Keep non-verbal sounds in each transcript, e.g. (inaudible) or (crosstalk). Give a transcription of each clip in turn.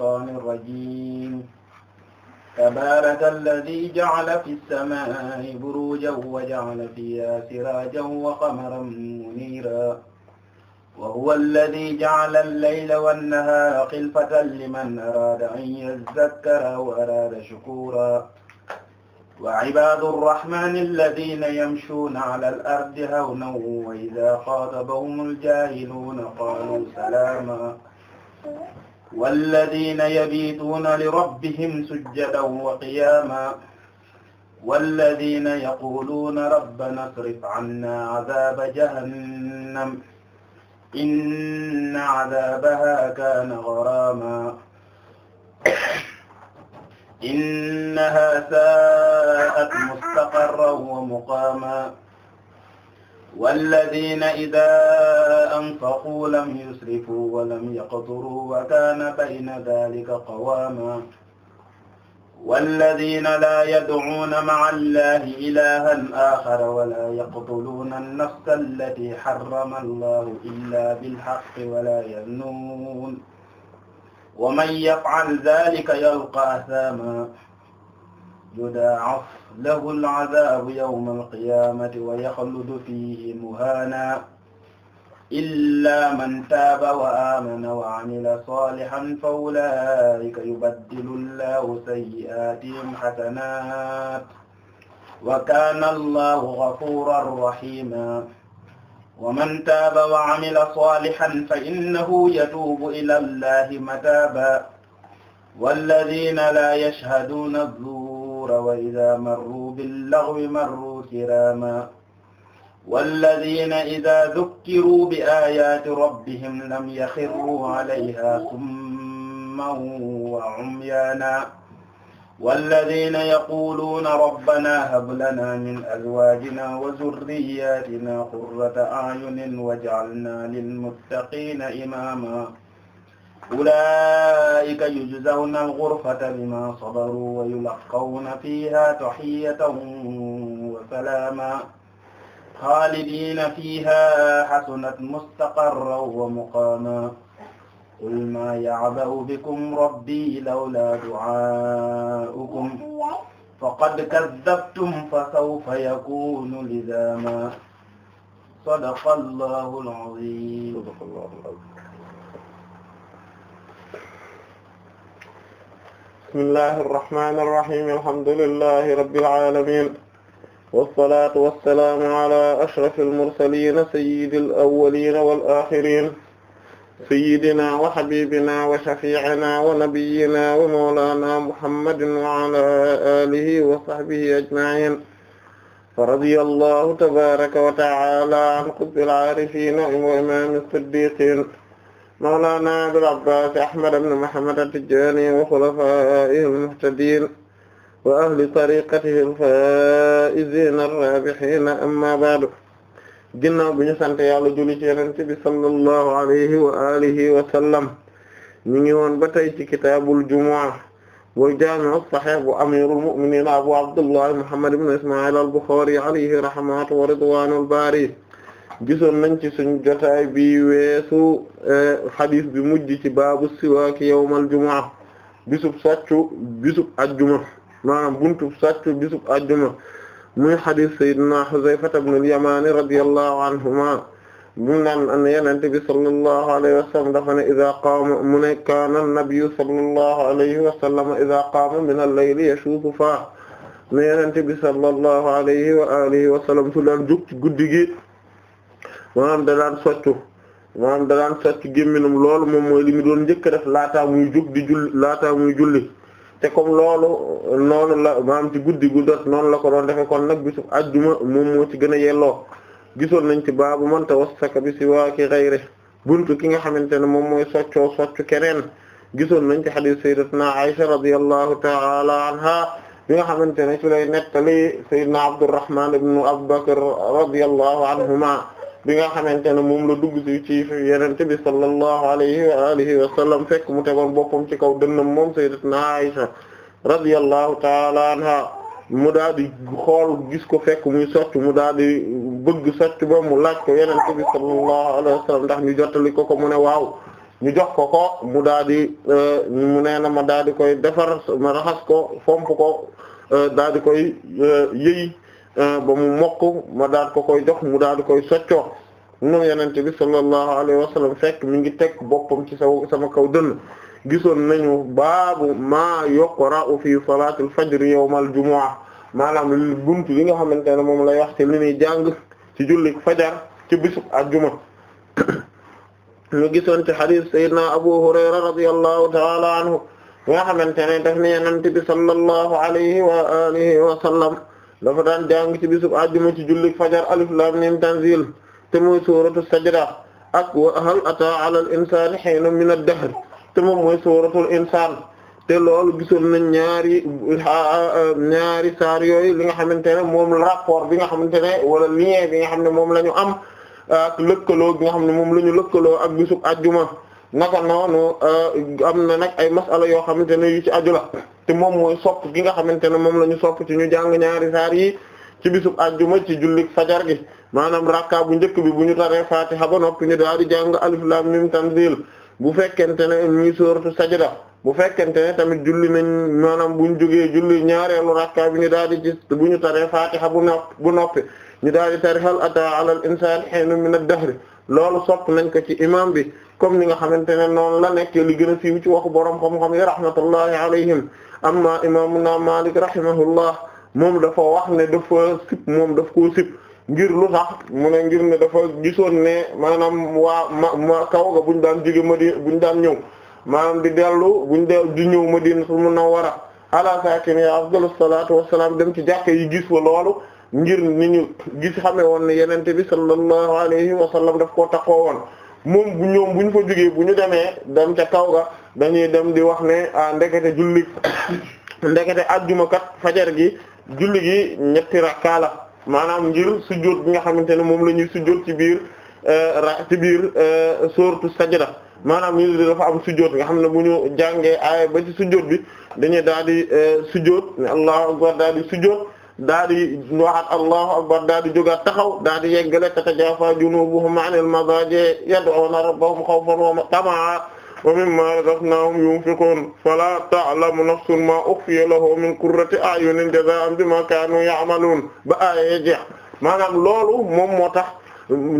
الشيطان الرجيم تبارك الذي جعل في السماء بروجا وجعل فيها سراجا وقمرا منيرا وهو الذي جعل الليل والنهار خلفة لمن أراد أن يذكر وأراد شكورا وعباد الرحمن الذين يمشون على الأرض هونا وإذا خاطبهم الجاهلون قالوا سلاما والذين يبيتون لربهم سجدا وقياما والذين يقولون ربنا اصرف عنا عذاب جهنم إن عذابها كان غراما إنها ساءت مستقرا ومقاما walladiina izaa anfaquu lam yusrifuu wa lam yaqturuu wa kaana bayna zaalika qawaamaa walladiina laa yad'uuna ma'a llaahi ilaahan aaxara wa laa yaqtuluuna an-nafsa allatii harrama llaahu illaa bil-haqqi wa laa yaznuun wa man yaf'al zaalika yalqa asaamaa يضاعف له العذاب يوم القيامة ويخلد فيه مهانا إلا من تاب وآمن وعمل صالحا فأولئك يبدل الله سيئاتهم حسنات وكان الله غفورا رحيما ومن تاب وعمل صالحا فإنه يتوب إلى الله متابا والذين لا يشهدون الزور الغرور وإذا مروا باللغو مروا كراما والذين إذا ذكروا بآيات ربهم لم يخروا عليها صما وعميانا والذين يقولون ربنا هب لنا من أزواجنا وذرياتنا قرة أعين واجعلنا للمتقين إماما ulaa'ika yujzawna al-ghurfata bimaa sabaruu wa yulaqqawna fiihaa tahiyyatan wa salaaman xaalidiina fiihaa hasunat mustaqarran wa muqaaman qul maa ya'ba'u bikum rabbii lawlaa du'aa'ukum faqad kazzabtum fasawfa yakuunu lizaaman sadaqallaahu al-'aziim bismillahi irrahmani irrahim alhamdulillahi rabbil alamin wassalatu wassalaamu ala ashrafi almursalin sayidi alawalina walaxirin sayidina wa habibina wa shafi'ina wa nabiyina wa mawlana muhammadin wa ala alihi wa sahbihi ajma'in فرضي الله تبارك وتعالى عن قطب العارفين وإمام الصديقين mawlana Abil Abbaas Ahmad ibn Muhammad at-Tijaani wa xulafaa'ihi al-muhtadiin wa ahli tariiqatihi al-faa'iziina ar-raabihiina ammaa ba'du ginnaaw bi ñu sant yàlla julli ci Yonent bi sallallahu alayhi wa aalihi wa sallam ñu ngi woon ba tey ci kitaabul jumu'a wa jaami' as-sahiih bu amiirul mu'miniin Abu Abdullah Muhammad ibn Ismaa'iil al-Bukhaari alayhi rahmatu wa ridwaanul baari gisoon nañ ci suñ jotaay bi weesu hadith eh, bi mujj ci baabu siwaak yawmal jumaa bisub sàccu bisub ajjuma maanaam buntub sàccu bisub ajjuma muy hadith sayyidina Huzayfa ibn al-Yaman radiyallahu anhuma mu naan an Yonent bi sallallahu alayhi wa sallam dafa ne idha qaama mu ne kaana an-nabiyyu sallallahu alayhi wa sallam idha qaama min al-layli yashuufu faahu ne Yonent bi sallallahu alayhi wa alihi wa sallam su daan jóg ci guddi gi maanaam da daan soccu maanaam da daan loolu moom mooy li mu doon njëkk def laataa muy jug di julli laataa muy julli te comme loolu noonu la maanaam ci guddi gu dot noonu la ko doon defe kon nag bisub ajjuma moom moo ci gën a yelloo gisoon nañ ci baabu man tawassaka bi siwaaki ghayri buntu ki nga xamante ne moom mooy soccoo soccu keneen gisoon nañ ci hadith sayyidatuna Aisha radiyallahu ta'ala anha bi nga xamante ne ci lay nettali sayyidina Abdurrahman ibn Abu Bakr radiyallahu anhuma bi nga xamante ne moom la dugg si ci yenente bi sallallahu alayhi wa alihi wa sallam fekk mu tegoon boppam ci kaw dënnam moom sayyidatuna Aisha radiyallahu ta'ala anha di xool gis ko fekk muy socc mu daal di bëgg socc ba mu laaj ko yeneen bi sallallahu alayhi wa ndax ñu jottali ko ko mu ne waaw ñu jox ko ko mu daal di euh, mu nee na ma daal di koy defar ma raxas ko fomp ko euh, daal di koy euh, yëy Euh, ba mu mokk ma daal ko koy jox mu daal di koy soccoo moom yenente bi sallallahu alayhi wa fekk mi ngi teg boppam ci sa sama kaw dënn gisoon nañu baabu maa yuqra'u fi salaatil fajr yawmal jumu'a maanaam buntu li nga xamante ne moom lay wax ci li ñuy jàng ci jullik fajar ci bisub àjjuma (coughs) ñu gisoon ci hadith sayyidina Abu Hurayra radiyallahu ta'ala anhu nga bi sallallahu alayhi wa alihi wa dafa daan jàng ci bisub àjjuma ci julli fajar alif lam mim tanzil te mooy suuratu sajda ak wa hal ata ala al insani hiinun min ad-dahr te moom mooy suuratul insaan te lool gisoon nañ ñaari ñaari saar yooyu li nga xamante ne moom rapport bi nga xamante ne wala lien bi nga xam ne moom lañu am lëkkaloo gi nga xam ne moom la ñu lëkkaloo ak bisub àjjuma naka noonu am na nag ay masala yoo xamante ne yu ci aju te moom mooy sopp gi nga xamante ne moom la ñu sopp ci ñu jàng ñaari saar yi ci bisub àjjuma ci jullik fajar gi maanaam rakka bu njëkk bi bu ñu taree fatiha ba noppi ñu daal di jàng alif lam mim tanzil bu fekkente ne ñuy sooratu sajda bu fekkente ne tamit julli nañ maanaam bu ñu jógee julli ñaareelu rakka bi ñu daal di gis bu ñu taree fatiha bu nopp bu noppi ñu daal di tari hal ata ala al insani hiinun min dahri loolu sopp nañ ko ci imam bi comme ni nga xamante ne noon la nekkee li gën a siiw ci waxu borom xam-xam yi rahmatullahi alayhim amma imaamuna Maalik rahimahullah moom dafa wax ne dafa sip moom daf koo sip ngir lu tax mu ne ngir ne dafa gisoon ne maanaam waa ma kaw ga buñ daan jóge Madina buñ daan ñëw maanaam di dellu buñ dellu di ñëw Madinatul Munawwara ala saakini afdalu salaatu wassalaam dem ci jàkka yi gis wa loolu ngir ni ñu gis xamee woon ne yenente bi sallallahu alayhi wa sallam daf koo takkoo woon moom bu ñoom bu ñu fa bu ñu demee dem ca kaw ga dañuy dem di wax ne ah ndekete julli ndekete ajjuma kat fajar gi julli gi ñetti rakkaa la maanaam ngir sujjóot bi nga xamante ne moom la ñuy sujjóot ci biir eh, ci biir eh, sooratu sajda maanaam ñu dafa am sujjóot nga xam ne bu ñu jàngee aaya ba ci sujjóot bi dañuy daal di eh, sujjóot ne allahu akbar daal di sujjóot daal di waxaat allahu akbar daal di jógaat taxaw daal di yeggale tatajaafaa junubuhum anil madaaji yad'una rabbahum khawfan wa tama'an wa mimma razaqnahum yunfiqun fala ta'lamu nafsun ma ukhfiya lahum min qurrati a'yunin jazaa'an bima kanu ya'malun ba aaya jeex maanaam loolu moom moo tax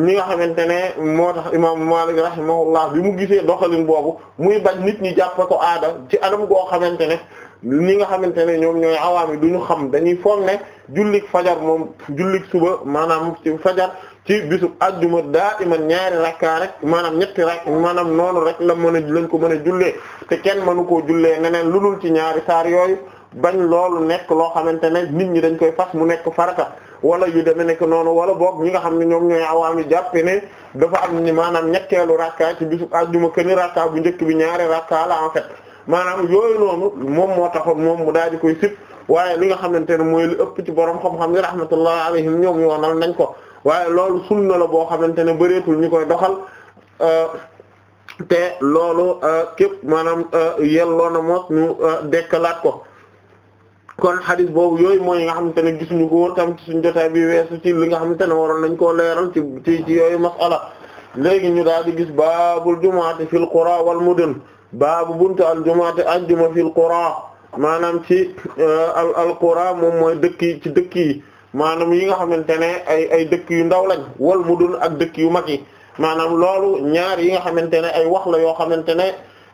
ñi nga xamante ne moo tax imaamu Maalik rahimahullah bi mu gisee doxalin boobu muy bañ nit ñi jàppe ko aada ci anam goo xamante ne ñi nga xamante ne ñoom ñooy awaam yi ñu xam dañuy foog ne jullik fajar moom jullik suba maanaam ci fajar ci bisu ajuma daa man ñaari rakka rek maanaam ñetti rakk maanaam noonu rek la mën a lañ ko mën a jullee te kenn mënu koo jullee neneen lu dul ci ñaari saar yooyu bañ loolu nekk loo xamante ne nit ñi dañ koy fas mu nekk farata wala yu deme nekk noonu wala boog ñi nga xam ne ñoom ñooy awaami jàppe ne dafa am ni maanaam ñetteelu rakka ci bisu ajjuma këni rakka bu njëkk bi ñaari rakka la en fait maanaam yooyu noonu moom moo taxoon moom mu daal di koy sib waaye li nga xamante ne mooy lu ëpp ci borom xam-xam ni rahmatullah alayhim ñoom yoonal nañ ko waaye loolu sunna la boo xamante ne bëreetul ñu koy doxal te loolu képp maanaam yelloo na mos ñu dekkalaat ko kon xadis boobu yooyu mooy nga xamante ne gisuñu ko tam ci suñu bi weesu li nga xamante ne waroon nañ koo leeral ci ci ci yooyu masala léegi ñu daal di gis baabul jumaati fil qura wal mudun baabu buntu al jumaati ajjuma fil qura maanaam ci al al qura moom mooy dëkk yi ci dëkk yi maanaam yi nga xamante ne ay ay dëkk yu ndaw lañ wal mudun ak dëkk yu mag yi maanaam loolu ñaar yi nga xamante ne ay wax la yoo xamante ne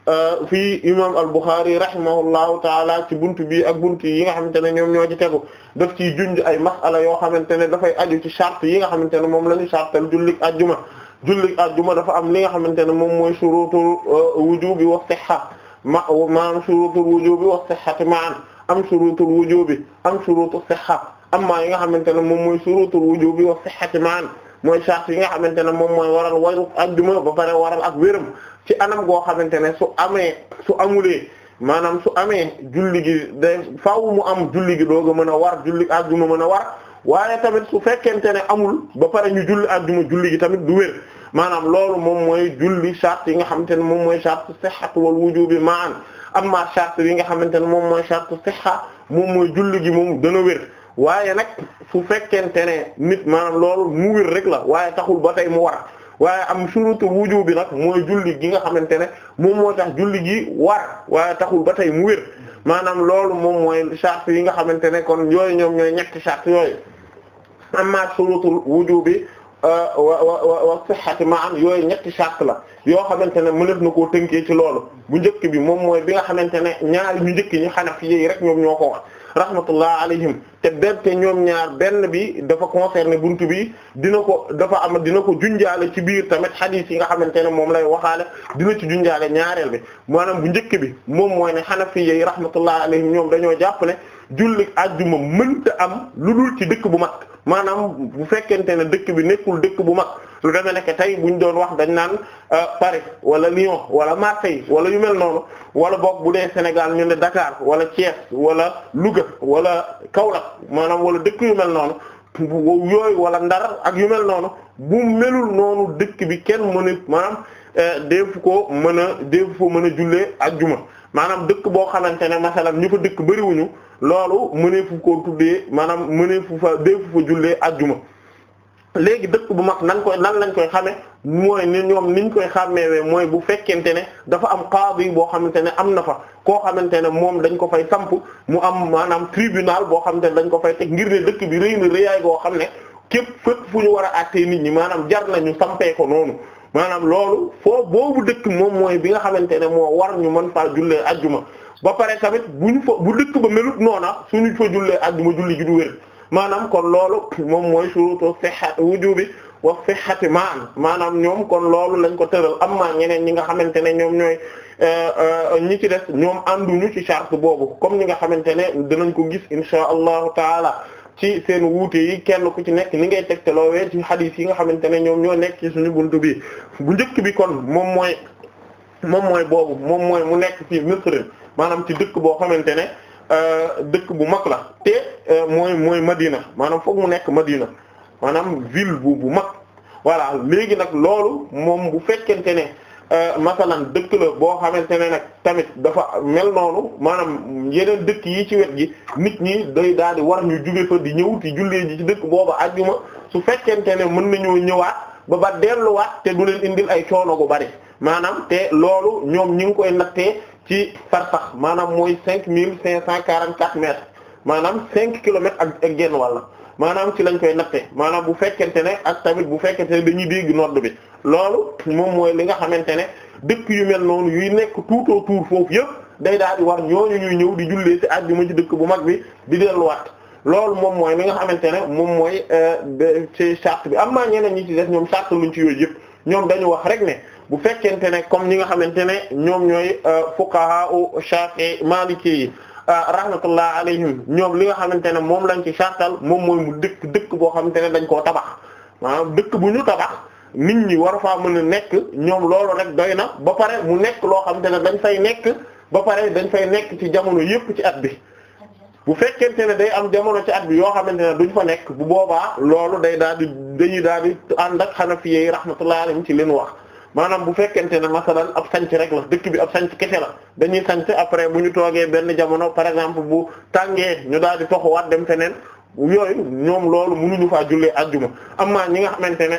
euh, fii imam al-Bukhari rahimahullahu taala ci buntu bi ak buntu yi nga xamante ne ñoom ñoo ci tegu daf ciy junj ay masala yoo xamante ne dafay aju ci charte yi nga xamante ne moom la ñu chartal jullik ajjuma jullik ajjuma dafa am li nga xamante ne moom mooy shurutul euh, wujubi wa sihha ma maanaam shurutul wujubi wa sihhati ma'an am shurutul wujubi am shurutu amma yi nga xamante ne moom mooy surutul wujubi wa sihhati maan mooy sart yi nga xamante ne moom mooy waral waru ak duma ba pare waral ak wéram ci anam goo xamante ne su amee su amulee maanaam su amee julli gi day mu am julli gi doog a mën a war julli àjjuma mën a war waaye tamit su fekkente ne amul ba pare ñu julli àjjuma julli gi tamit du maanaam loolu moom mooy julli charte yi nga xamante ne moom mooy charte sihhat wal wujubi ma'an amma charte yi nga xamante ne moom mooy charte sihha moom mooy julli gi moom dana wér waaye nag fu fekkente ne nit maanaam loolu mu wir rek la waaye taxul ba tey mu war waaye am surutu wuju bi nag mooy julli gi nga xamante ne moom moo tax julli gi war waaye taxul ba tey mu wir maanaam loolu moom mooy charte yi nga xamante ne kon yooyu ñoom ñooy ñetti charte yooyu amma surutu wuju bi euh, wa wa wa ma am yooyu ñetti chart la yoo xamante ne mëneef na koo tënkee ci loolu bu njëkk bi moom mooy bi nga xamante ne ñaari ñu njëkk ñi Hanafi yi rek ñoom ñoo ko wax rahmatullah alayhim te benn te ñoom ñaar benn bi dafa concerné bunt bi dina ko dafa am dina ko junjaale ci biir tamit xadiis yi nga xamante ne moom lay waxaale dina ci junjaale ñaareel bi maanaam bu njëkk bi moom mooy ne xanafi yi rahmatullah alayhim ñoom dañoo jàpp ne julli ajjuma mënta am lu dul ci dëkk bu mag maanaam bu fekkente ne dëkk bi nekkul dëkk bu mag lu demee nekk tey buñ doon wax dañ naan euh, Paris wala Lyon wala Marseille wala yu mel noonu wala boog bu dee Sénégal ñu ne Dakar wala Thiès wala Louga wala Kaolack maanaam wala dëkk yu mel noonu yooyu wala Ndar ak yu mel noonu bu melul noonu dëkk bi kenn mënu maanaam euh, defu ko mën a defu ko mën a jullee ajjuma maanaam dëkk boo xamante ne masalan ñu ko dëkk bëriwuñu loolu mëneefu ko tuddee maanaam mëneefu fa deefu fa jullee ajjuma léegi dëkk bu mag nan koy nan lañ koy xamee mooy ni ñoom niñ koy xàmmeewee mooy bu fekkente ne dafa am qaadi boo xamante ne am na fa ko xamante ne moom dañ ko fay samp mu am maanaam tribunal boo xamante ne dañ ko fay teg ngir ne dëkk bi rëy na rëyaay goo xam ne képp fépp fu ñu war a àttee nit ñi maanaam jar nañu sampee ko noonu maanaam loolu foo boobu dëkk moom mooy bi nga xamante ne moo war ñu mën faa jullee ajjuma ba pare tamit bu ñu fa bu dëkk ba melut noona suñu fa jullee àjjuma julli ji du wér maanaam kon loolu moom mooy su surutu sihhat wujubi wa sihhati maan maanaam ñoom kon loolu lañ ko tëral am na ñeneen ñi nga xamante ne ñoom ñooy euh, euh, ñi ci des ñoom ñu ci charte boobu comme ñi nga xamante ne dinañ ko gis insha allahu taala ci seen wuute yi kenn ku ci nekk ñi ngay tegteloowee ci hadith yi nga xamante ne ñoom ñoo nekk ci suñu buntu bi bu njëkk bi kon moom mooy moom mooy boobu moom mooy mu nekk ci Misr maanaam ci dëkk boo xamante ne euh, dëkk bu mag la te euh, mooy mooy Madina maanaam foog mu nekk Madina maanaam ville bu bu mag voilà léegi nag loolu moom bu fekkente ne euh, masalan dëkk la boo xamante ne nag tamit dafa mel noonu maanaam yeneen dëkk yi ci wet gi nit ñi day daal di war ñu juge fa di ñëw ti jullee ji ci dëkk booba ajjuma su fekkente ne mën nañoo ñëwaat ba ba delluwaat te du leen indil ay coono gu bari maanaam te loolu ñoom ñu ngi koy nattee ci farsax maanaam mooy cinq mille cinq cent quarante-quatre mètres maanaam cinq kilomètres ak ak genn wàll maanaam ci lañ koy natte maanaam bu fekkente ne ak tamit bu fekkente ne dañuy dégg nodd bi loolu moom mooy li nga xamante ne dëkk yu mel noonu yuy nekk tout autour foofu yëpp day daal di war ñooñu ñuy ñëw di jullee ci ma ci dëkk bu mag bi di delluwaat loolu moom mooy li nga xamante ne moom mooy euh, ci charte bi am na ñeneen ñi ci def ñoom charte luñ ci yëpp ñoom dañu wax rek ne bu fekkente ne comme li nga xamante ne ñoom ñooy euh, fuqaha u shafi maliki yi euh, rahmatullah alayhim ñoom li nga xamante ne moom lañ ci sartal moom mooy mu dëkk dëkk boo xamante ne dañ koo tabax maanaam ah, dëkk bu ñu tabax nit ñi war faa mën a nekk ñoom loolu rek doy na ba pare mu nekk loo xamante ne dañ fay nekk ba pare dañ fay nekk ci jamono yépp ci at bi bu fekkente ne day am jamono ci at bi yoo xamante ne duñ fa nekk bu booba loolu day daal di dañuy daal di ànd ak Hanafi yi rahmatullah alayhim ci leen wax maanaam bu fekkente ne masalan ab sanc rek la dëkk bi ab sanc kese la dañuy sanc après bu ñu toogee benn jamono par exemple bu tàngee ñu daal di wat dem feneen yooyu ñoom loolu mënuñu faa jullee ajjuma amma ñi nga xamante ne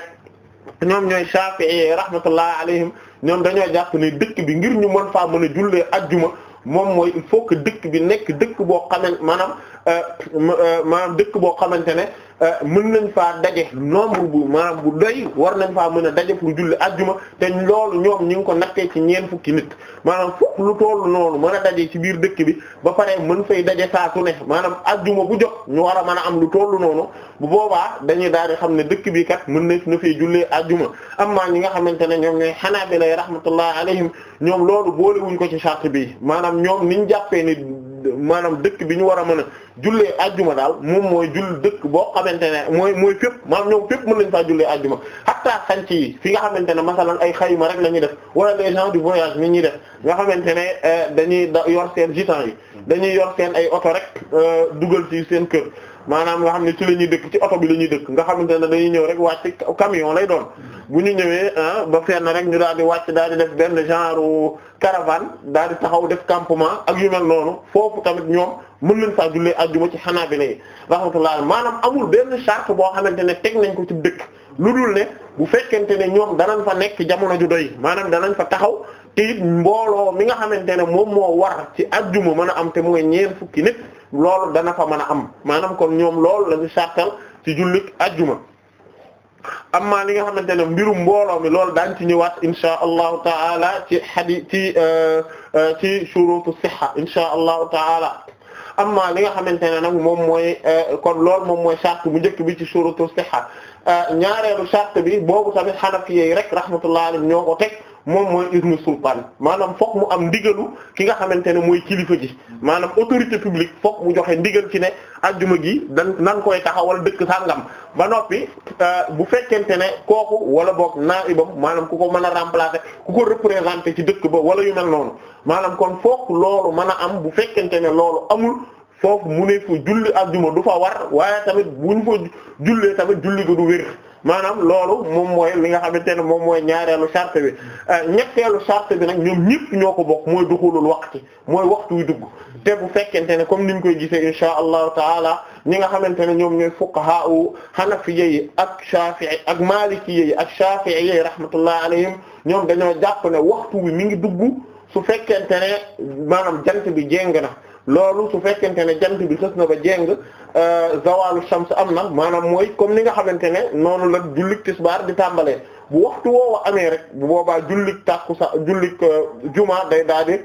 ñoom ñooy Shafi'i rahmatullah alayhim ñoom dañoo jàpp ne dëkk bi ngir ñu mën faa mën a jullee ajjuma moom mooy fokk dëkk bi nekk dëkk boo xamee maanaam maanaam dëkk boo xamante ne euh, mën nañ faa daje nombre bu maanaam bu doy war nañ faa mën a daje pour julli ajjuma te loolu ñoom ñu ngi ko nakkee ci ñeent fukki nit maanaam fukk lu toll noonu mën a daje ci biir dëkk bi ba pare mën fay daje saa su ne maanaam ajjuma bu jot ñu war a mën a am lu toll noonu bu boobaa dañuy daal di xam ne dëkk bi kat mën na na fay jullee ajjuma am na ñi nga xamante ne ñoom ñooy Hanaabila rahmatullah alayhim ñoom loolu boolewuñ ko ci charte bi maanaam ñoom niñ jàppee ni maanaam dëkk bi ñu war a mën a jullee ajjuma daal moom mooy jull dëkk boo xamante ne mooy mooy fépp maanaam ñoom fépp mën nañ faa jullee ajjuma hatta sanc yi fi nga xamante ne masalan ay xayma rek la ñuy def wala les gens du voyage ni ñuy def nga xamante ne euh, dañuy yor seen gitan yi dañuy yor seen ay oto rek euh, dugal ci seen kër maanaam nga xam ne ci la ñuy dëkk ci oto bi la ñuy dëkk nga xamante ne dañuy ñëw rek wàcc camion lay doon bu ñu ñëwee ah, ba fenn rek ñu daal di wàcc daal di def benn genre caravan daal di taxaw def campement ak yu mel noonu foofu tamit ñoom mën nañ faa jullee ajjuma ci Hanabila yi rahmatullah maanaam amul benn charte boo xamante ne teg nañ ko ci dëkk lu dul ne bu fekkente ne ñoom danañ fa nekk jamono ju doy maanaam danañ fa taxaw te mbooloo mi nga xamante ne moom moo war ci ajjuma mën a am te mu ñeent fukki nit lool dana fa mën a am maanaam kon ñoom lool la ñu sartal ci ajuma am amma li nga xamante ne mbirum mbooloo mi loolu daan ci ñëwaat insha allahu taala ci xadi ci euh, euh, ci shurutu siha insha allahu taala am na li nga xamante ne nag moom mooy euh, kon loolu moom mooy charte bu njëkk bi ci suuro shurutu sihha euh, ñaareelu charte bi boobu tamit yi rek rahmatullahi alayhim ñoo ko teg moom mooy iznu sultaan maanaam fokk mu am ndigalu ki nga xamante ne mooy kilifa ji maanaam autorité publique fokk mu joxe ndigal ci ne ajjuma gi dan nan koy taxawal dëkk sangam ba noppi euh, bu fekkente ne kooku wala boog naibam maanaam ku ko mën a remplacer ku ko représenter ci dëkk ba wala yu mel noonu maanaam kon fook loolu mën a am bu fekkente ne loolu amul foofu mu ne fa julli ajjuma du fa war waaye tamit bu ñu fa jullee tamit julli ko du wér maanaam loolu moom mooy li nga xamante ne moom mooy ñaareelu charte bi euh, ñetteelu charte bi nag ñoom ñoo ko bokk mooy duxulul waxti mooy waxtu wi dugg te bu fekkente ne comme niñ koy gisee insha allahu taala ñi nga xamante ne ñoom ñooy fuqaha u hanafiyya yi ak shafi'i ak malikiyya yi ak shafi'iyya yi rahmatullahi alayhim ñoom dañoo jàpp ne waxtu wi mi ngi dugg su fekkente ne maanaam jant bi jéng na loolu su fekkente ne jant bi xës na ba jéng euh, zawalu shams am na maanaam mooy comme ni nga xamante ne noonu la jullit tisbaar di tàmbalee bu waxtu woowa amee rek bu boobaa jullit tàkku sax jullit euh, juma day daal di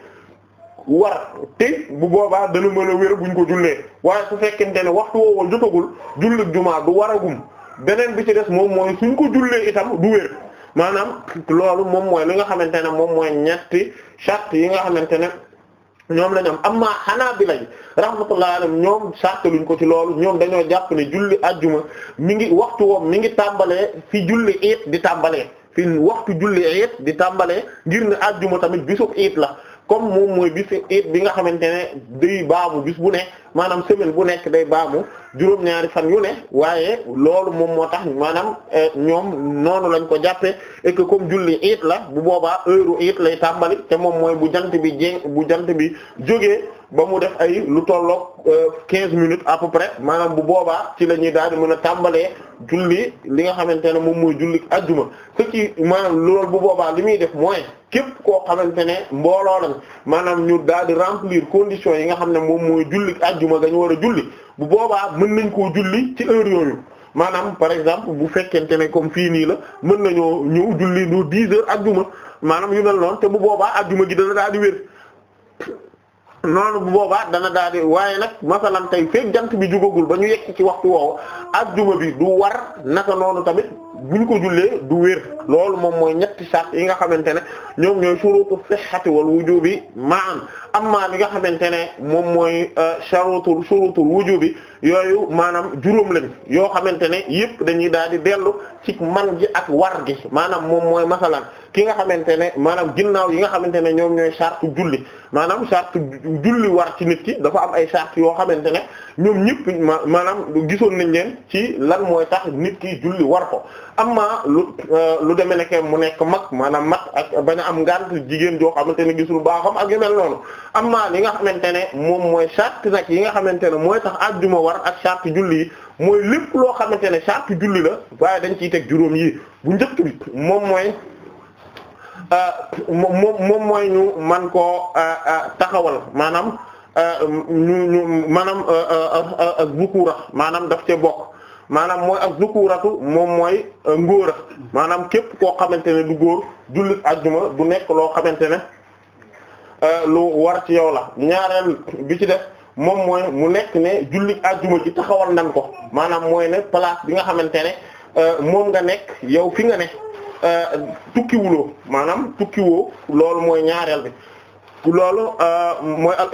war te bu boobaa dana mën a wér buñ ko jullee waaye su fekkente ne waxtu woowa jotagul jullit jumaa du waragum beneen bi ci des moom mooy suñ ko jullee itam du wér. maanaam loolu moom mooy li nga xamante ne moom mooy ñetti charte yi nga xamante ne ñoom la ñu am bi Hanabila yi rahmatullahi alayhim ñoom sartaluñ ko ci loolu ñoom dañoo jàpp ne julli ajjuma mi ngi waxtu woom mi ngi tàmbalee fi julli iit di tàmbalee fi waxtu julli iit di tàmbalee ngir ne ajjuma tamit bisub iit la comme moom mooy bisu iit bi nga xamante ne day baabu bis bu ne maanaam semaine bu nekk day baamu juróom-ñaari fan yu ne waaye loolu moom moo tax maanaam eh, ñoom noonu lañ ko jàppee et comme julli iit la bu boobaa heure iit lay tàmbali te moom mooy bu jant bi jéng bu jant bi jógee ba mu def ay lu tolloog eh, quinze minutes à peu près maanaam bu boobaa ci la ñuy daal di mën a tàmbalee julli li nga xamante ne moom mooy julli ajjuma ce qui maanaam loolu bu boobaa li muy def mooy képp koo xamante ne mbooloo lañ ñu daal remplir conditions yi nga ajjuma gañu war a julli bu boobaa mën nañ koo julli ci heure yooyu maanaam par exemple bu fekkente ne comme fii nii la mën nañoo ñëw julli lu dix heures ajjuma maanaam yu mel noonu te bu boobaa ajjuma gi dana daal di wér noonu bu boobaa dana daal di waaye nag masalan tey fekk jant bi jugagul ba ñu yegg ci waxtu woowu ajjuma bi du war naka noonu tamit buñ ko jullee du wér loolu moom mooy ñetti sart yi nga xamante ne ñoom ñooy surutu sihhati wal wujubi ma'an am amma li nga xamante ne moom mooy euh, sharutul shurutul wujubi yooyu maanaam juróom lañ yoo xamante ne yëpp dañuy daal di dellu ci man gi ak war gi maanaam moom mooy masalan ki nga xamante ne maanaam ginnaaw yi nga xamante ne ñoom ñooy sartu julli maanaam sartu julli war ci nit ki dafa am ay sart yoo xamante ne ñoom ñëpp maanaam gisoon nañ leen ci lan mooy tax nit ki julli war ko amma lu euh, lu demee nekke mu nekk mag maanaam mag ak bañ am ngant jigéen joo xamante ne gisul baaxam ak yu mel noonu amma li nga xamante ne moom mooy charte nag yi nga xamante ne mooy tax àjjuma war ak charte julli yi mooy lépp loo xamante ne charte julli la waaye dañ ciy teg juróom yi bu njëkk moom mooy euh, moom moom mooy ñu man koo euh, euh, taxawal maanaam ñu ñu maanaam ak maanaam daf cee bokk maanaam mooy ak zukuratu moom mooy ngóora maanaam képp koo xamante ne du góor jullit àjjuma du nekk loo xamante ne Euh, lu war ci yow la ñaareel bi ci def moom mooy mu nekk ne julli ajjuma ji taxawal nan ko maanaam mooy ne place bi nga xamante ne euh, moom nga nekk yow fi nga ne euh, tukkiwuloo maanaam tukkiwoo loolu mooy ñaareel bi loolu mooy al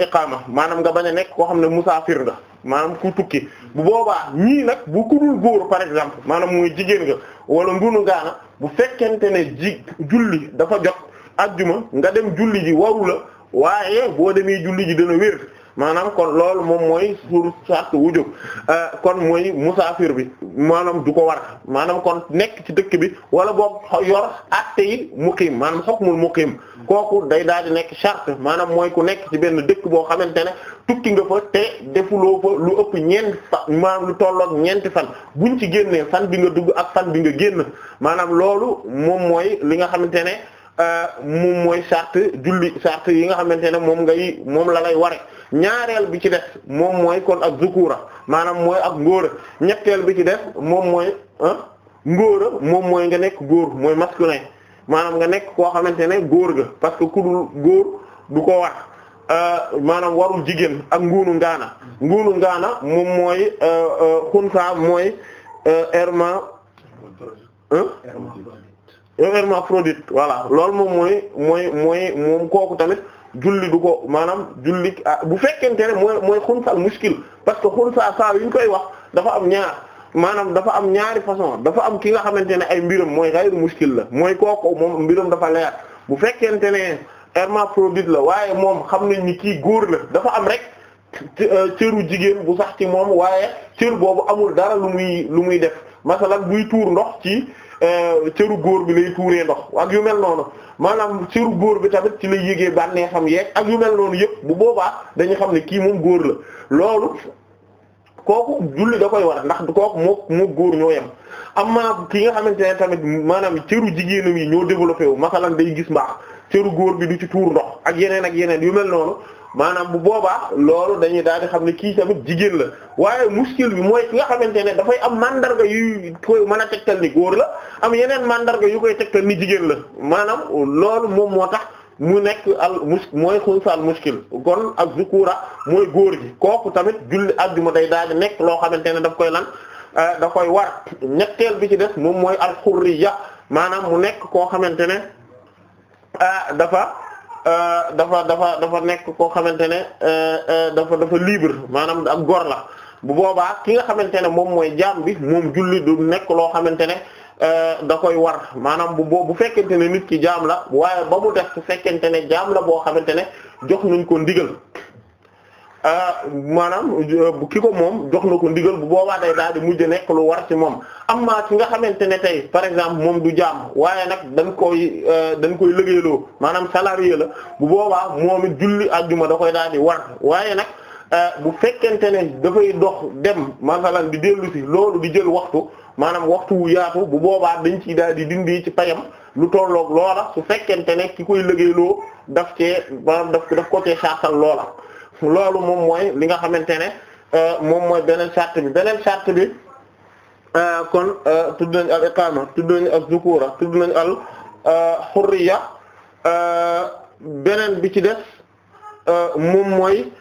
maanaam nga bañ a nekk koo xam ne musaafir nga maanaam ku tukki bu boobaa ñii nag bu kudul góor par exemple maanaam muy jigéen nga wala ngunu ngaana bu fekkente ne ji julli dafa jot ajjuma nga dem julli ji waru waaye boo demee julli ji dana wér maanaam kon loolu moom mooy suur sart wu jóg euh, kon mooy musaafir bi maanaam du ko war maanaam kon nekk ci dëkk bi wala boog yor atte yi muqiim maanaam hukmul muqiim kooku day daal di nekk charte maanaam mooy ku nekk ci benn dëkk boo xamante ne tukki nga fa te defuloo fa lu ëpp ñeenti fan maanaam lu tolloog ñeenti fan buñ ci génnee fan bi nga dugg ak fan bi nga génn maanaam loolu moom mooy li nga xamante ne Euh, moom mooy sart julli sart yi nga xamante ne moom ngay moom la lay ware ñaareel bi ci def moom mooy kon ak zukura maanaam mooy ak ngóora ñetteel bi ci def moom mooy ngóora moom nga nekk góor mooy masculin maanaam nga nekk koo xamante ne góor ga parce que ku dul góor du ko war euh, maanaam warul jigéen ak nguunu ngaana nguunu ngaana moom mooy euh, xunsa mooy erma hermaphrodite voilà loolu moom mooy mooy mooy moom kooku tamit julli du ko maanaam julli ah, bu fekkente ne mooy mooy xunsal muskil parce que xunsa saa yu ñu koy wax dafa am ñaar maanaam dafa am ñaari façon dafa am ki nga xamante ne ay mbiram mooy xayru muskil la mooy kooku moom mbiram dafa leer bu fekkente ne hermaphrodite la waaye moom xam nañ ni kii góor la dafa am rek euh, cëru jigéen bu sax ci moom waaye cër boobu amul dara lu muy lu muy def masalan buy tuur ndox ci Euh, cëru góor bi lay tuuree ndox ak yu mel noonu maanaam cëru góor bi tamit ci lay yëgee bànnee xam yeeg ak yu mel noonu yëpp bu boobaa dañu xam ne kii moom góor la loolu kooku julli da koy war ndax kooku moo moo góor ñoo yem amma ki nga xamante ne tamit maanaam cëru jigéenam yi ñoo développé wu masalan day gis mbaax cëru góor bi du ci tuur ndox ak yeneen ak yeneen yu mel noonu maanaam bu boobaa loolu dañuy daal di xam ne kii tamit jigéen la waaye muskil bi mooy ki nga xamante ne dafay am mandarga yu koy mën a tegtal ni góor la am yeneen mandarga yu koy tegtal ni jigéen la maanaam loolu moom moo tax mu nekk al mus mooy xunsal muskil kon ak zukura mooy góor gi kooku tamit julli àjjuma day daal di nekk loo xamante ne daf koy lan euh, da koy war ñetteel bi ci des moom mooy al xurriya maanaam mu nekk koo xamante ne euh, dafa. Euh, dafa dafa dafa nekk koo xamante ne euh, euh, dafa dafa libre maanaam ab gor la bu boobaa ki nga xamante ne moom mooy jaam bi moom julli du nekk loo xamante ne da koy war maanaam bu boo bu fekkente ne nit ki jaam la waaye ba mu def su fekkente ne jaam la boo xamante ne jox nuñ ko ndigal Ah, maanaam euh, ki ko moom jox na ko ndigal bu boobaa day daal di mujj nekk lu war ci moom am na ki nga xamante ne tey par exemple moom du jaam waaye nag dañ koy euh, dañ koy liggéeyloo maanaam salarié la bu boobaa moom it julli àjjuma da koy daal di war waaye nag euh, bu fekkente ne dafay dox dem masalan di dellu ci loolu di jël waxtu maanaam waxtu wu yaatu bu boobaa dañ ciy daal di dindi ci payam lu tolloog loola su fekkente ne ki koy liggéeyloo daf cee maanaam daf daf ko cee saaxal loola loolu moom mooy li nga xamante ne euh, moom mooy beneen charte bi beneen charte bi euh, kon euh, tudd nañ al iqama tudd nañ al zukura tudd nañ al hurriya beneen bi ci des moom mooy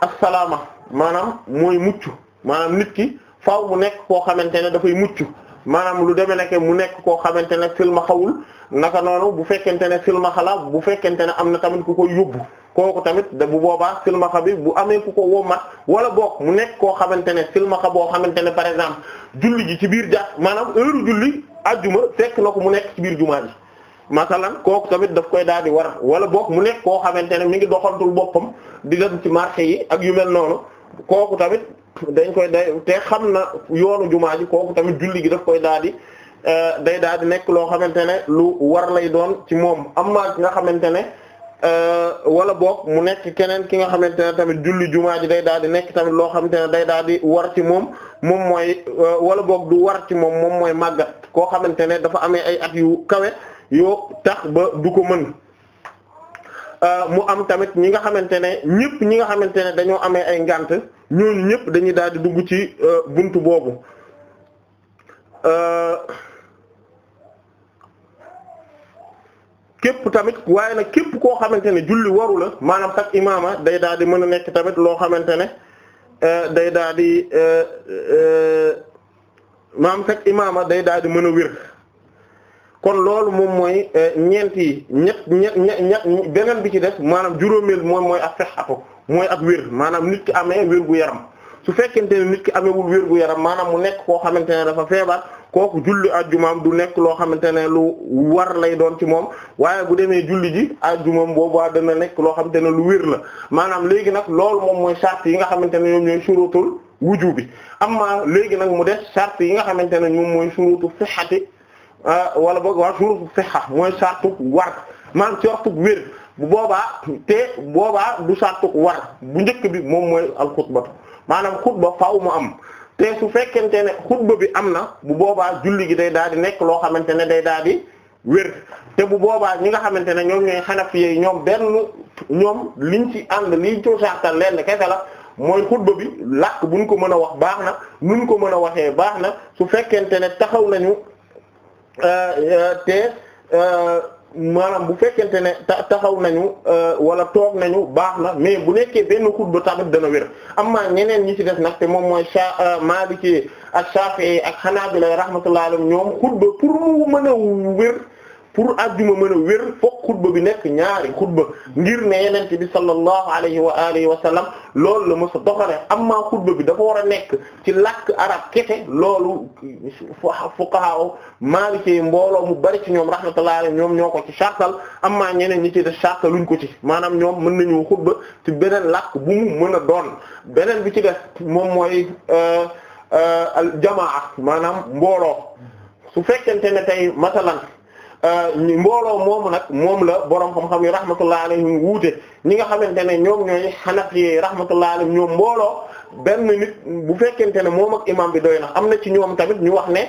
asalaama maanaam mooy mucc maanaam nit ki faaw mu nekk koo xamante ne dafay mucc maanaam lu demee nekk mu nekk koo xamante ne silma xawul naka noonu bu fekkente ne silma xala bu fekkente ne am na tamit ku koy yóbbu kooku tamit bu boobaa silmaxa bi bu amee ku ko woo wommat wala boog mu nekk koo xamante ne silmaxa boo xamante ne par exemple julli gi ci biir jàkk maanaam heure julli ajjuma fekk na ko mu nekk ci biir jumaa ji masalan kooku tamit daf koy daal di war wala bokk mu nekk koo xamante ne mi ngi doxantul boppam di dem ci marché yi ak yu mel noonu kooku tamit dañ koy day te xam na yoonu jumaa ji kooku tamit julli gi daf koy daal di euh, day daal di nekk loo xamante ne lu war lay doon ci moom am na nga xamante ne Euh, wala boog mu nekk keneen ki nga xamante ne tamit julli jumaa ji day daal di nekk tamit loo xamante ne day daal di war moom moom mooy euh, wala boog du war moom moom mooy màggat koo xamante ne dafa amee ay at yu kawe yoo tax ba du ko mën euh, mu am tamit ñi nga xamante ne ñëpp ñi nga xamante ne dañoo amee ay ngànt ñu ñëpp dañuy daal di dugg ci buntu boobu. képp tamit waaye nag képp koo xamante ne julli waru la maanaam imaama day daal di mën a nekk tamit loo xamante ne euh, day daal di euh, euh, maanaam sax day daal di mën a wér kon loolu moom mooy ñeent yi ñett ñett ñett beneen bi ci def maanaam juróomeel moom mooy ak fexatu mooy ak wér maanaam nit ki amee wér gu yaram su fekkente ne nit ki amewul wér gu yaram maanaam mu nekk koo xamante ne dafa feebar kooku julli ajjumaam du nekk loo xamante ne lu war lay doon ci moom waaye bu demee julli ji ajjumaam boobaa dana nekk loo xamante ne lu wér la maanaam léegi nag loolu moom mooy sart yi nga xamante ne ñoom ñooy surutul wuju bi amma léegi nag mu des sart yi nga xamante ne ñoom mooy surutu sihhati ah, wala boog waa surutu sihha mooy sartu war maanaam sartu wér bu boobaa te boobaa du sartu war bu njëkk bi moom mooy al xutbatu maanaam xutba faaw mu am te su fekkente ne xutba bi am na bu boobaa julli gi day daal di nekk loo xamante ne day daal di wér te bu boobaa ñi nga xamante ne ñoom ñooy xanaf yi ñoom benn ñoom liñ ci ànd liñ ci saatal lenn kese la mooy xutba bi làkk buñ ko mën a wax baax na nuñ ko mën a waxee baax na su fekkente ne taxaw nañu euh, euh, te. Euh, maanaam bu fekkente ne taxaw nañu euh, wala toog nañu baax na mais bu nekkee benn xutba tamit dana wér amma ñeneen ñi ci def nag te moom mooy sa euh, Maliki ak Shafi'i ak Hanabila rahmatullahi alayhim ñoom xutba pour mu mën a wér pour àjjuma mën a wér fokk xutba bi nekk ñaari xutba ngir ne yenent bi sallallahu alayhi wa alihi wa sallam loolu la mësa doxale amma xutba bi dafa war a nekk ci làkk arab kese loolu fuqaha ci mbooloo mu bari ci ñoom rahmatullahi alayhi ñoom ñoo ko ci sartal amma ñeneen ñi ci def sartaluñ ko ci maanaam ñoom mën nañu xutba ci beneen làkk bu mu mën a doon beneen bi ci def moom mooy euh, euh, al jamaa maanaam mbooloo su fekkente ne tey matalan Euh, mbooloo moomu nag moom la borom xam-xam yi rahmatullahi alayhim wuute ñi nga xamante ne ñoom ñooy Hanafi yi rahmatullahi alayhim ñoom mbooloo benn nit bu fekkente ne moom ak imam bi doy na am na ci ñoom tamit ñu wax ne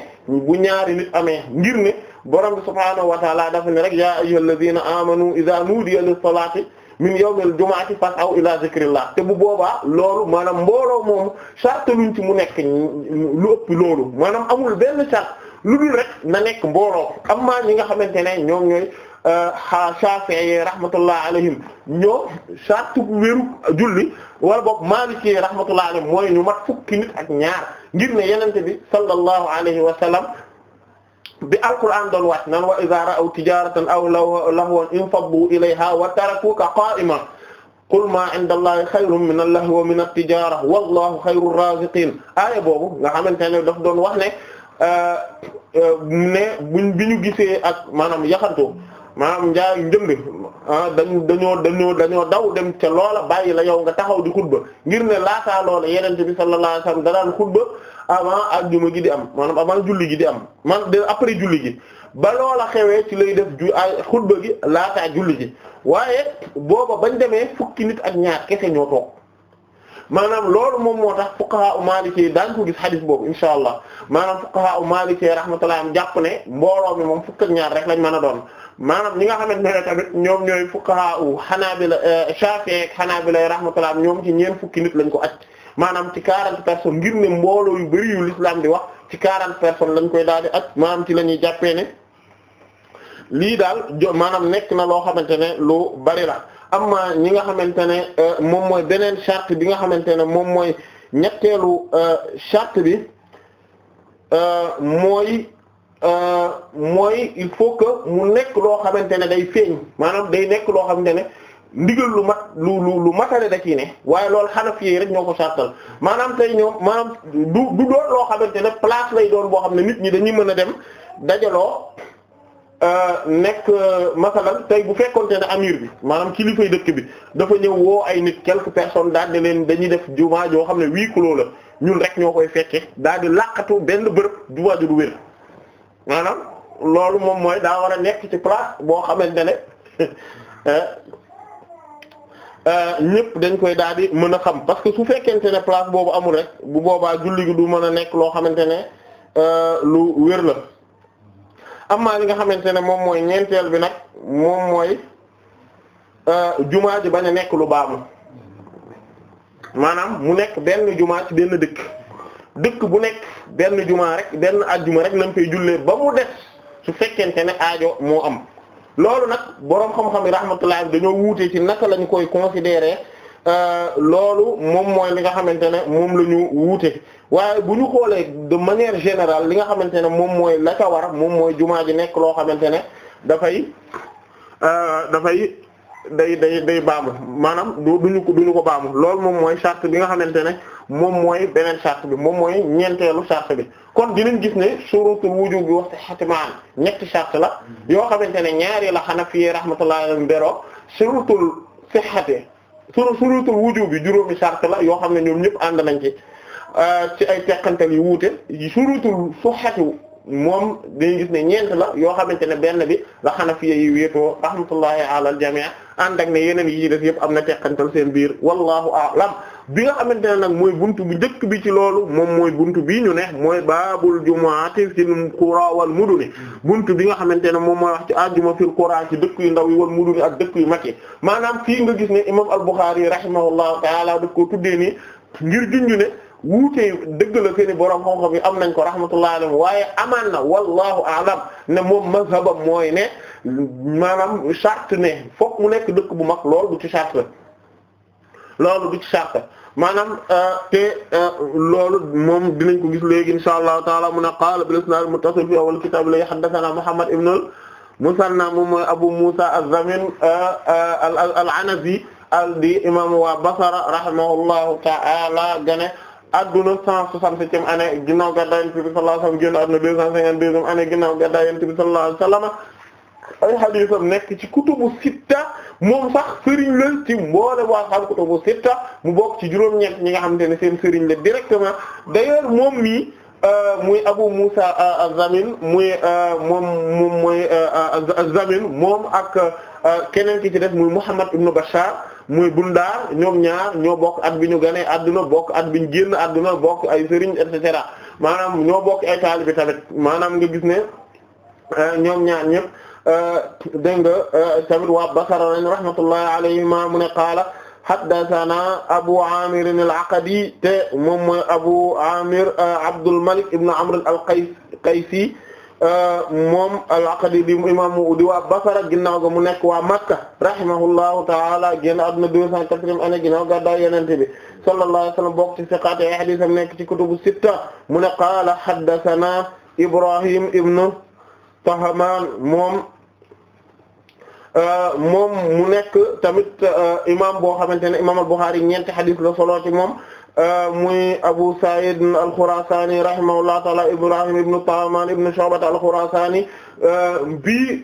bu ñaari nit amee ngir ne borom bi subhaanahu wa ta'ala dafa ne rek ya ayyuhalladhina amanu idha nudiya lis-salati min yawmil jumu'ati fas'aw ila zikrillah te bu booba loolu maanaam mbooloo moomu charte luñ ci mu nekk lu ëpp loolu maanaam amul benn charte lu dul rek na nekk mbooloo am ñi nga xamante ne ñoom ñooy euh, Shafi'i rahmatullah alayhim ñoom sartu wéru julli wala boog Maliki rahmatullah alayhim mooy ñu mat fukki nit ak ñaar ngir ne bi sallallahu alayhi wa sallam bi alquran doon wàcc naan wa idha ra'aw tijaratan aw lahwan infaddu ilayha wa tarakuka qul ma inda allahi xayrun min min at boobu xamante ne wax ne Euh, euh, ne buñ bi ñu gisee ak maanaam yaxantu maanaam njaay njënd ah dañu dañoo dañoo dañoo daw dem ca loola bàyyi la yow nga taxaw di xutba ngir ne laataa loola yenente bi sallallahu alayhi wasallam da daan xutba avant ajjuma gi di am maanaam avant julli gi di am man de après julli gi ba loola xewee ci lay def ju xutba gi laataa julli gi waaye booba bañ demee fukki nit ak ñaar kese ñoo toog maanaam loolu moom moo tax fuqaha u maliki daañ ko gis xadis boobu insha allah maanaam fuqaha u maliki rahmatullah am jàpp ne mbooloo mi moom fukk ak mën a doon maanaam ñi nga xamante ne tamit ñoom ñooy fuqaha u xanaa bi eh, ak xanaabila rahmatullah am ñoom ci ñeen fukki lañ ko aj maanaam ci 40 personnes ngir ne mbooloo yu bari yu l'islam di wax ci 40 personnes lañ koy daal di aj maanaam ci la ñuy jàppee ne lii daal maanaam nekk na loo xamante ne lu bari la amma ñi nga xamante ne euh, moom mooy beneen charte bi nga xamante ne moom mooy ñetteelu euh, charte bi euh, mooy mooy il faut que mu nekk loo xamante ne day feeñ maanaam day nekk loo xamante ne ndigal lu mat lu lu lu matale da ciy ne waaye loolu Hanafi yi rek ñoo ko sartal maanaam tey ñoom maanaam du du loo xamante ne place lay doon boo xam ne nit ñi dañuy mën a dem dajaloo Euh, nekk euh, masalan tey bu fekkoonte ne amir bi maanaam kilifay dëkk bi dafa ñëw woo ay nit quelques personne daal di leen dañuy def jumaa joo xam ne huis clos la ñun rek ñoo koy fekke daal di laqatu benn bërëb jumaa ju du wér maanaam loolu moom mooy daa a nekk ci place boo xamante ne (laughs) euh, ñëpp dañ koy daal di mën a xam parce que su fekkente ne place boobu amul bu boobaa julli gi du mën a nekk loo xamante ne lu wér la am amma li nga xamante ne moom mooy ñeenteel bi nag moom mooy euh, jumaa ji bañ a nekk lu baamu maanaam mu nekk benn jumaa ci benn dëkk dëkk bu nekk benn jumaa rek benn ajjuma rek lañ fay jullee ba mu des su fekkente ne aajo moo am loolu nag boroom xam-xam yi rahmatullah dañoo wuutee ci naka lañ koy considérer Euh, loolu moom mooy li nga xamante ne moom la ñu wuute waaye bu ñu xoolee de manière générale li nga xamante ne moom mooy la ca war moom mooy jumaa ji nekk loo xamante ne dafay euh, dafay day day day baamu maanaam du duñu ko duñu ko baamu loolu moom mooy bi nga xamante ne moom mooy beneen charte bi moom mooy ñeenteelu charte bi kon dinañ gis ne surutul wujub bi waxte xatimaan ñetti charte la yoo xamante ne ñaari la Hanafi rahmatullahi alayhi bero surutul sihhati suru surutul wujub bi juróomi sart la yoo xam ne ñoom ñëpp ànd nañ ci euh, ci ay teqantal yu wuute surutul sihhati moom dañuy gis ne ñeent yoo xamante ne benn bi la xanafiya yi wéetoo rahmatullahi ala al jami' ànd ak ne yeneen yi def yëpp am na teqantal seen biir wallahu a'lam bi nga xamante ne nag mooy buntu bu dëkk bi ci loolu moom mooy buntu bii ñu ne mooy baabul jumaati fil qura wal muduni buntu bi nga xamante ne moom mooy wax ci ajjuma fil qura ci dëkk yu ndaw yi wal muduni ak dëkk yu mag yi maanaam fii nga gis ne imam al-Bukhari rahimahullahu ta'ala daf ko tuddee nii ngir junju ne wuute dëgg la ke ni borom yi am nañ ko rahmatullahi alayhi waaye amaan na wallahu a'lam ne moom mazhabam mooy ne maanaam charte ne fokk mu nekk dëkk bu mag loolu du ci charte loolu du ci charte maanaam euh, te euh, loolu moom dinañ ko gis léegi insha allahu taala mun a qaala bil isnaad muttasil fi awal kitaab lay haddathana Muhammad ibn al-Musanna moom mooy Abu Musa az-Zamin euh, al-Anazi al di imam waa Basra rahimahullahu ta'ala gane adduna 167e année ginnaaw gàddaay Yonent bi sallallahu alayhi wasallam génn adduna 252e ginnaaw gàddaay Yonent bi ay xadiisam nekk ci kutubu sitta moom sax sëriñ la ci kutubu sitta mu bokk ci juróom-ñett ñi nga xamante ne seen sëriñ la directement d'ailleurs moom mii euh, muy Abu Musa euh, az-Zamin muy euh, moom moom mooy az-Zamin moom ak keneen ki ci muy Muhammad ibn Bashar muy Bundaar ñoom ñaar ñoo bokk at bi ñu ganee adduna bokk at bi ñu génn adduna bokk ay sëriñ et maanaam ñoo bokk ay taalibe tamit maanaam nga gis ne ñoom ñaar ñëpp. Euh, dégg nga euh, tamit waa Basra lañ rahmatullahi alayhima mu ne qaala haddathana Abu Amir al-Aqadi te moom mooy Abu Amir euh, Abdul Malik ibn Amr al-Qaysi moom al-Aqadi di imaamu di waa Basra ginnaaw ga mu nekk waa Makka rahimahullahu ta'ala génn àdduna deux cent quatrième année ginnaaw gàddaay Yonent bi sallallahu alayhi wa sallam bokk ci siqaat ay hadiisam nekk ci kutubu sitta mu ne qaala haddathana Ibrahim ibn Tahmaan moom Euh, moom mu nekk tamit euh, imam boo xamante ne imam al-Bukhari ñeenti xadis la solo ci moom euh, muy Abu Sa'id al-Khurasani rahimahullahu ta'ala Ibrahim ibn Tahman ibn Shu'ba al-Khurasani bi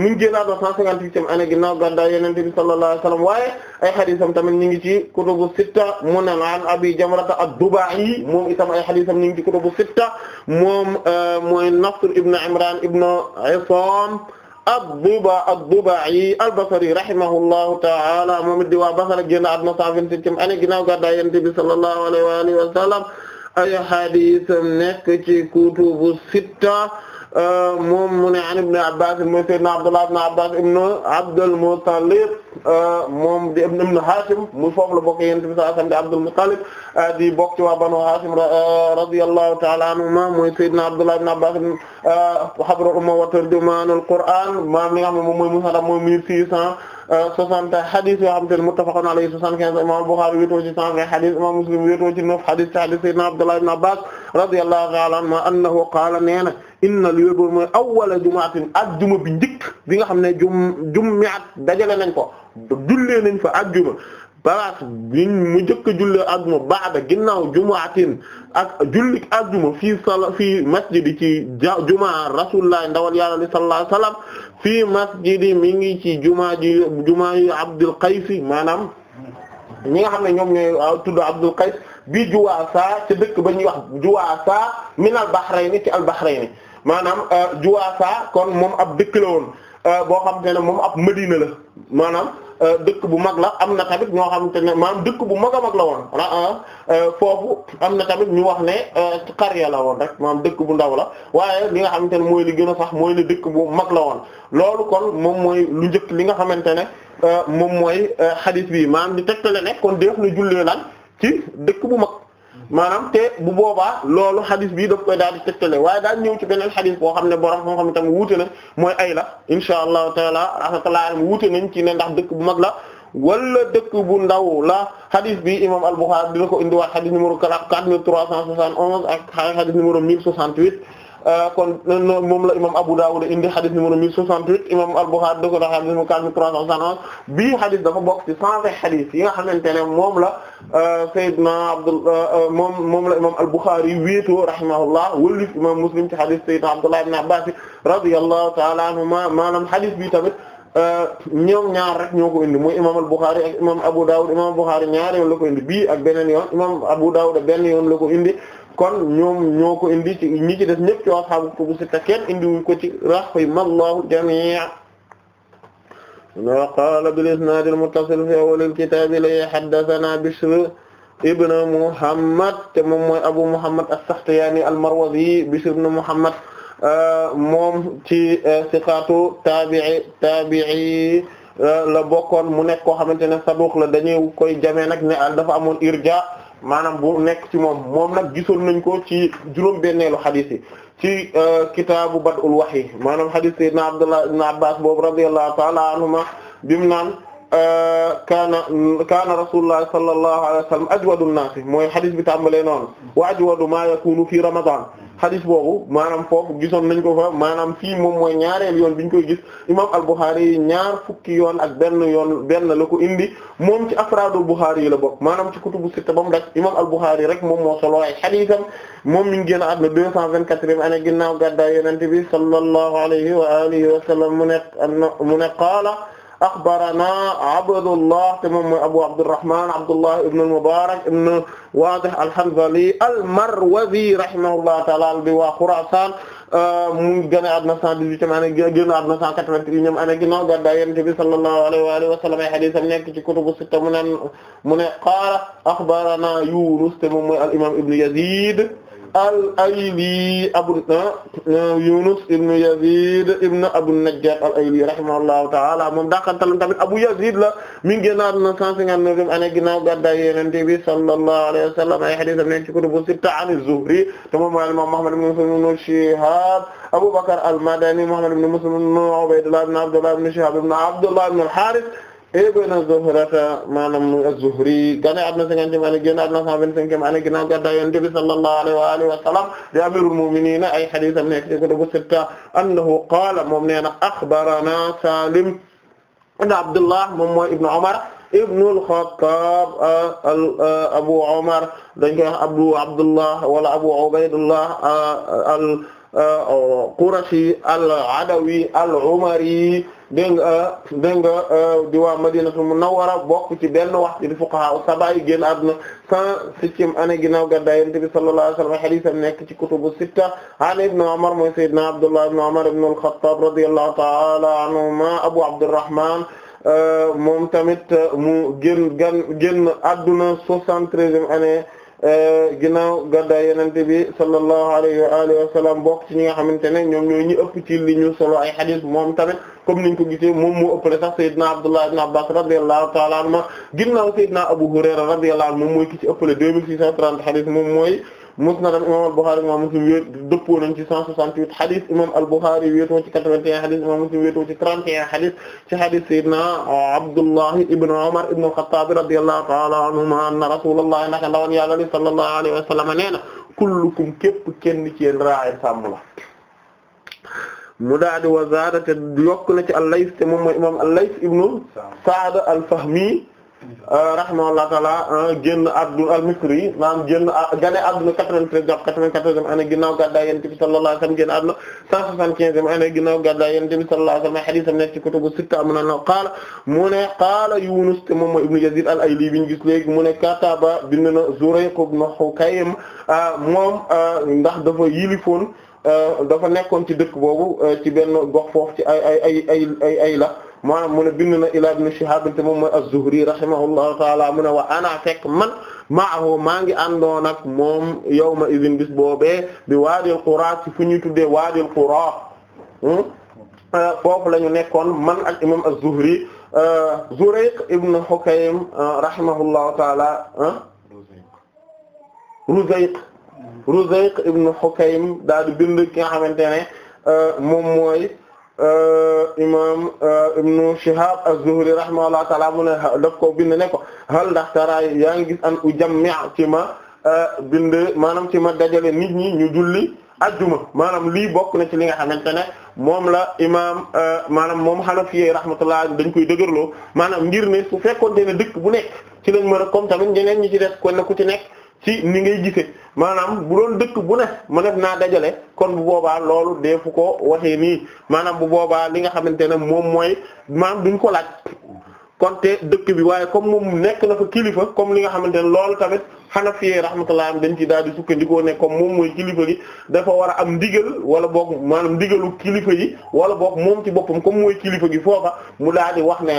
mu ngi génnaat ba cent cinquante-huitième année ginnaaw gàddaay Yonent bi sallallahu alayhi waaye ay xadisam tamit ñu ngi ci kutubu sitta mu ne an Abi Jamrata ad-Duba'i moom itam ay xadisam ñu ngi ci kutubu sitta moom mooy Nasr ibn Imran ibn Isam ad-Duba ad-Duba'i al-Basri rahimahullahu ta'ala moom it di waa Basra génn àdduna 127 ani ginnaaw gàddaay Yonent bi sallallahu alayhi wa alihi wa sallam ay hadiis nekk ci kutubu sitta Euh, moom mu ne an ibn Abbas mooy Seydina Abdullah ibn Abbas ibn Abdul Muttalib euh, moom di ibn Hashim mu foofu la bokk Yonent bi sallallahu alayhi wa sallam di Abdul Muttalib euh, di bokk ci waa Banu Hashim radiyallahu ta'ala anhuma mooy Seydina Abdullah ibn Abbas habrul umma wa turjumanul Qur'an maam li nga xam ne moom mooy Musnad mooy 1600 60 hadith yoo xamante ne muttafaqun alayhi 75 imam Bukhari wéetoo ci 120 hadith imam Muslim wéetoo ci 9 hadith hadith sayyidina Abdullah ibn Abbas radiyallahu ta'ala anhu annahu qaala nee na inna li yóbbu mooy awwala jumaatin ajjuma bi njëkk bi nga xam ne jum jummi'at dajale nañ ko jullee nañ fa ajjuma balaas biñ mu njëkk a jullee ajjuma baada ginnaaw jumaatin ak jullik ajjuma fii sala fii masjid ci jumaa rasulullah ndawal yàlla sallallahu alayhi wasallam fii masjidi mi ngi ci jumaa ji jumaa yu Abdul Qays maanaam ñi nga xam ne ñoom ñooy tudd Abdul Qays bi Juwaasa te dëkk ba ñuy wax Juwaasa min al Bahrayni ci al Bahrayni maanaam euh, Juwaasa kon moom ab dëkk la woon euh, boo xam te moom ab Madina la maanaam Euh, dëkk bu mag la am na tamit ñoo xamante ne maanaam dëkk bu mag a mag la woon euh, euh, foofu am na tamit ñu wax ne xarya la woon rek maanaam dëkk bu ndaw la waaye li nga xamante ne mooy li gën a sax mooy ne dëkk bu mag la woon loolu kon moom mooy lu njëkk li nga xamante ne moom mooy xadis bi maanaam di tegtale ne kon def na jullee lan ci dëkk bu mag maanaam te bu boobaa loolu xadis bii daf koy daal di tëkkale waaye daal ñëw ci beneen xadis boo xam ne borom moo xam ne tamit wuute na mooy ay la insha allahu taala rahmatullah wuute nañ ci ne ndax dëkk bu mag la wala dëkk bu ndaw la xadis bi imam al-Bukhari dina ko indiwaat xadis numéro 4371 ak xadis numéro 1068 Euh, kon moom la imam Abu a indi xadis numéro 1068 imam Al-Bukhârî da ko da xadis numéro 4371 bii xadis dafa bokk ci 120 xadis yi nga xamante ne moom la euh, Seydina Abdullah euh, moom moom la imam Al-Bukhârî wéetoo rahimahullah wëllif imam Muslim ci xadis Seydina Abdullah ibn Abbas radiyallahu ta'ala anhuma maanaam xadis bi tamit ñoom ñaar rek ñoo ko indi mooy imam al-Bukhari ak imam Abu Dawud imam al-Bukhari ñaar yoon la ko indi bii ak beneen yoon imam Abu Dawud benn yoon la ko indi kon ñoom ñoo ko indi ci ñi ci des ñëpp ci ashaabu kutubu sitta kenn indiwuñ ko ci rahimallahu jamii'a wa qaala bil isnaad al muttasil fi awwal al la li haddathanaa Bishr ibn Muhammad te moom mooy Abu Muhammad as-Sakhtiyaani al-Marwazi Bishr ibn Muhammad moom ci eh, siqaatu taabi'i eh, la bokkoon mu nekk koo xamante ne saduq la dañuy koy jamee nag ne dafa amoon irja maanaam bu nekk ci moom moom nag gisoon nañ ko ci juróom-benneelu xadis yi ci euh, kitaabu bad'ul wahyi maanaam xadis sayyidina Abdullah ibn Abbas boobu radiyallahu ta'ala anhuma bim naan euh, kaana kaana rasulullah sallallahu alayhi wa sallam ajwadu nnaasi mooy xadis bi tàmbalee noonu wa ajwadu ma yakunu fi ramadan xadis boobu maanaam foofu gisoon nañ ko fa maanaam fii moom mooy ñaareel yoon bi ñu koy gis imam al-Bukhari ñaar fukki yoon ak benn yoon benn la ko indi moom ci afraadul Bukhari yi la bokk maanaam ci kutubu sitta bam rek imam al rek moom moo solo ay xadisam moom mi ngi génn àdduna deux cent vingt-quatrième année ginnaaw gàddaay Yonent bi sallallahu alayhi wa alihi wa sallam mu ne mu ne qaala axbaranaa Abdullah te moom mooy Abu Abdurrahman Abdullah ibn al-Mubarak ibn Wadih al-Hanzali al-Marwazi rahimahullah ta'ala bi waa Khurasan euh, mu gën a àdduna 118 am année génn àdduna 181 am année ginnaaw gàddaay Yonent bi sallallahu alayhi wa alihi wa sallam ay hadiis am nekk ci kutubu sitta mu ne mu ne qaala axbaranaa Yunus te moom mooy al-imam Ibn Yazid al-Ayli abu ah, ah, Yunus ibn Yazid ibn Abu Najjar al-Ayli rahimahullahu ta'ala moom dàqantalam tamit Abu Yazid la mi ngi génnaat na 159e année ginnaaw gàddaay Yonent bi sallallahu alayhi wa sallam ay hadiis am nañ ci kutubu sitta an az-Zuhri te moom mooy al-imaam Muhammad ibn Muslim ibn Shihab Abu Bakr al-Madani Muhammad ibn Muslim ibn Ubaydullah ibn Abdullah ibn Shihab ibn Abdullah ibn al-Harith ibn Zuhrata maanaam az-Zuhri gane adna cinquantième année génn adna cent vingt-cinquième année ginnaaw gàddaay Yonent bi sallallahu alayhi wa alihi wa sallam di amirul mu'minin ay hadiisam nekk ci kutubu sitta annahu qaala moom nee na akhbarana Salim ibn Abdullah moom mooy ibn Umar ibn al-Khattab Abu Umar dañ koy wax Abu Abdullah wala Abu Ubaydullah al-Qurashi al-Adawi al-Umari dégg nga dégg nga euh, di waa Madinatul Munawwara bokk ci benn waxtu di fuqaha sab'a yi génn àdduna cent septième année ginnaaw gàddaay Yonent bi sallallahu alayhi wa sallam hadiisam nekk ci kutubu sitta an Ibn Umar mooy Sayyidina Abdullah ibn Umar ibn al-Khattab radiyallahu ta'ala anhuma Abu Abdurrahman euh, moom tamit euh, mu génn gan génn àdduna soixante-treizième année Eh, ginnaaw gaddaa yeneen bi sallallahu alayhi wa alihi wa ñi nga xamante ne ñoom ñooy ñi ëpp ci li ñu solo ay hadith moom tamit comme niñ ko gisee moom moo ëppale sax sayyidna Abdullah ibn Abbas radiyallahu ta'ala anhuma ginnaaw sayyidna Abu Hurayra radiyallahu anhu moom mooy ki ci ëppale 2630 hadith moom mooy musnad imam al-Bukhari imam Muslim wéet dëppoo nañ ci 168 hadith imam al-Bukhari wéetoo ci 81 hadith imam Muslim wéetoo ci 31 hadith ci hadith sayyidina Abdullah ibn Umar ibn al-Khattab radiyallahu ta'ala anhuma anna rasulullah naka ndawal yàlla li sallallahu alayhi wa sallam nee na kullukum képp kenn ci yéen raa'in sàmm la mu daadi wa zaada te yokk na ci al-Layth te moom mooy imam al-Layth ibn Sa'd al-Fahmi Euh, rahimahullahu taala génn adduna al-Misri maanaam génn gane adduna 93 jàpp 94e année ginnaaw gàddaay Yonent bi sallallahu alayhi wasallam génn adduna 175e année ginnaaw gàddaay Yonent bi sallallahu alayhi wasallam hadith am nekk ci kutubu sitta mu ne no qaala mu ne qaala Yunus te moom mooy ibnu Yazid al-Ayli bi ñu gis léegi mu ne kataba bind na Zurayq ibn Hukaym euh, moom euh, ndax dafa yilifoon dafa nekkoon ci dëkk boobu ci benn gox foofu ci ay ay ay ay ay la maanaam mu ne bind na ila ibn Shihab moom mooy az-Zuhri rahimahullahu taala mu wa ana fekk man maahu maa ngi àndoon ak moom yawma idin bis boobee bi Wâdil Qourâ ci fu ñuy tuddee Wâdil Qourâ foofu la nekkoon man ak imam az-Zuhri Zurayq ibn Hukaym taala ah? Ruzayq Ruzayq ibn Hukaym daal di bind ki nga xamante ne moom Euh, imam euh, ibnu Shihab az-Zuhri rahimahullahu taala mu ne daf ko bind ne ko hal ndax tara yaa ngi gis an u jammi' ci ma euh, bind maanaam ci ma dajale nit ñi ñu julli ajjuma maanaam lii bokk na ci li nga xamante ne moom la imaam maanaam moom Hanafi rahmatullah dañ koy dëgërloo maanaam ngir ne su fekkoonte ne dëkk bu nekk ci lañ mën a comme tamit ñeneen ñi ci def kon ku ci nekk ci ni ngay gise maanaam bu doon dëkk bu ne ma def naa dajale kon bu boobaa loolu deefu ko waxee nii maanaam bu boobaa li nga xamante ne moom mooy maanaam duñ ko laaj kon te dëkk bi waaye comme moom nekk na fa kilifa comme li nga xamante ne loolu tamit Hanafi rahmatullah am dañ ci daal di sukkandikoo ne comme moom mooy kilifa gi dafa war a am ndigal wala boog maanaam ndigalu kilifa yi wala boog moom ci boppam comme mooy kilifa gi foofa mu daal di wax ne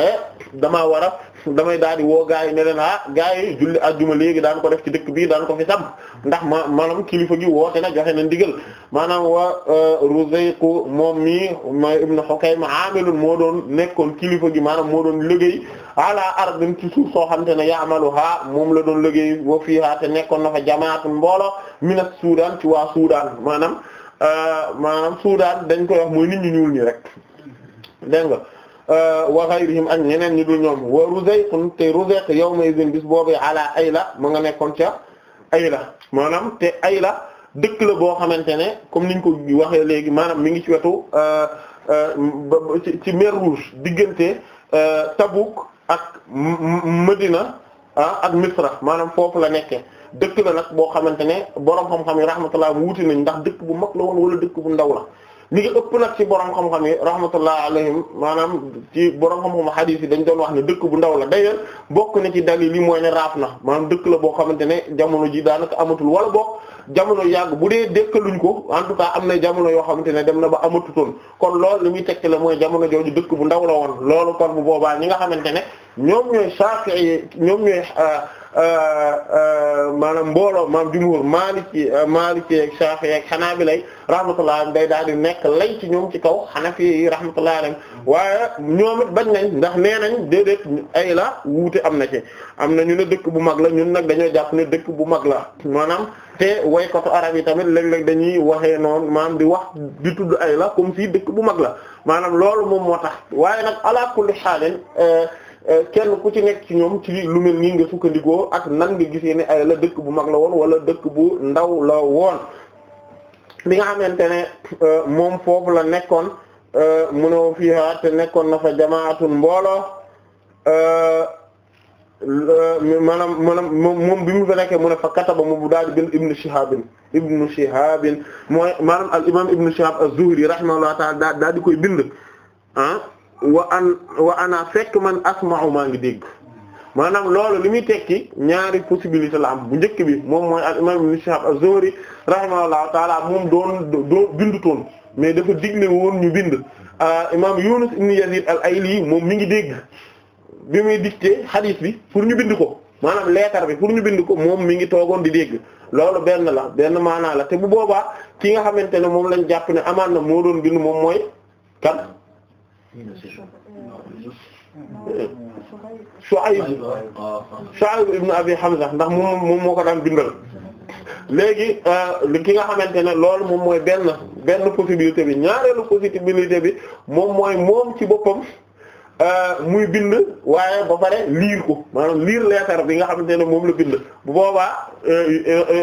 damaa war a damay daal di woo gars yi ne leen ah gars yi julli ajjuma léegi daan ko def ci dëkk bii daan ko fi sam ndax ma maanaam kilifa gi woote na joxe na ndigal maanaam wa euh, Ruzayq moom mii ma ibn Hukaym amilun moo doon nekkoon kilifa gi maanaam moo doon liggéey ala ardin ci suuf soo xamante ne ya'maluha moom la doon liggéey wa fiha te nekkoon na fa jamaatu mbooloo mina Suudaan ci waa Suudaan maanaam euh, maanaam Suudaan dañ koy wax mooy nit ñuul ñi rek nga wa ghayrihim ak ñeneen ñu dul ñoom wa Ruzayqun te Ruzayq yawma izin bis boobee ala Ayla mu nga nekkoon ca Ayla maanaam te Ayla dëkk la boo xamante ne comme niñ ko waxee léegi maanaam mi ngi ci wetu euh, euh, ci mer Rouge diggante euh, Tabuk ak madina ah, ak Misra maanaam foofu la nekke dëkk la nag boo xamante ne borom xam-xam yi rahmatullah mu wuti nañ ndax dëkk bu mag la woon wala dëkk bu ndaw la li nga ëpp nag ci borom xam-xam yi rahmatullah alayhim maanaam ci borom xam-xam hadith yi dañ doon wax ne dëkk bu ndaw la d'ailleurs bokk na ci dalil yi mooy ne raaf na maanaam dëkk la boo xamante ne jamono ji daanaka amatul wala bokk jamono yàgg bu dee dëkkaluñ ko en tout cas am na jamono yoo xamante ne dem na ba amatutoon kon loolu li muy tekki la mooy jamono jooju dëkk bu ndaw la woon loolu kon bu boobaa ñi nga xamante ne ñoom ñooy Shafi'i ñoom ñooy euh, Euh, euh, maanaam mbooloo maam jumhur maliki euh, maliki ak shafi ak xanaabi lay rahmatullah alayhim day daal di nekk lay ci ñoom ci kaw xanafi yi rahmatullah alayhim waaye ñoom bañ nañ ndax nee nañ déedéet ay la wuute am na ci am na ñu ne dëkk bu mag la ñun nag dañoo jàpp ne dëkk bu mag la maanaam te waykatu arab yi tamit léeg-léeg dañuy waxee noon maam di wax di tudd ay la comme si dëkk bu mag la maanaam loolu moom moo tax waaye nag ala kulli xaalin Euh, kenn ku ci nekk ci ñoom ci lu mel nii nga sukkandikoo ak nan nga gisee ne la dëkk bu mag la woon wala dëkk bu ndaw la woon li nga xamante ne euh, moom foofu la nekkoon euh, mu ne fiiha te nekkoon na fa jamaatun mbooloo maanaam maanaam moom bi mu fa nekkee mu ne fa kataba mu daal di bind ibnu shihabin ibnu shihabin mooy maanaam al imam ibnu shihab az-zuhri rahimahullah ta'ala daal di koy bind ah wa an wa ana fekk man asma'u maa ngi dégg maanaam loolu li muy tekki ñaari possibilité la am bu njëkk bi moom mooy al imam ibn Shihab az moom doon doo bindutoon mais dafa digle woon ñu bind euh, imam Yunus ibn Yazid al-Ayli moom mi ngi dégg bi muy dicté hadith bi pour ñu bind ko maanaam leetar bi pour ñu bind ko moom mi ngi toogoon di dégg loolu benn la benn maanaa la te bu boobaa ki nga xamante ne moom lañ jàpp ne amaan na moo doon bind moom mooy kan Euh, euh, euh, Shuayb Shuayb ibn Abi Hamza ndax moom moom moo ko daan bindal léegi li ki nga xamante ne lool moom mooy benn benn possibilité bi ñaareelu possibilité bi moom mooy moom ci boppam muy bind waaye ba pare liir ko maanaam liir leetar bi nga xamante ne moom la bind bu boobaa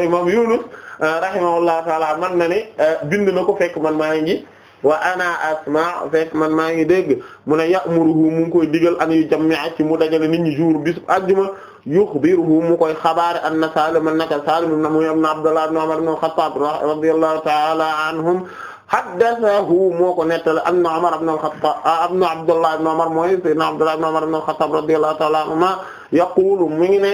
imam Yunus rahimahullahu taala man na ne bind na ko fekk man maa ngi. wa ana asma fekk man maa ngi dégg mu ne ya'muruhu mu ngi koy digal an yu jami'a ci mu dajale nit ñi jour bis àjjuma yukhbiruhu mu koy xabaare anna Salim naka Salim ibn Muhammad ibn Abdullah ibn Umar ibn Khattab radiyallahu ta'ala anhum haddathahu moo ko nettale anna Umar ibn al-Khattab ah, ibn Abdullah ibn Umar mooy sayyidina Abdullah ibn Umar ibn al-Khattab radiyallahu ta'ala anhuma yaqulu mu ngi ne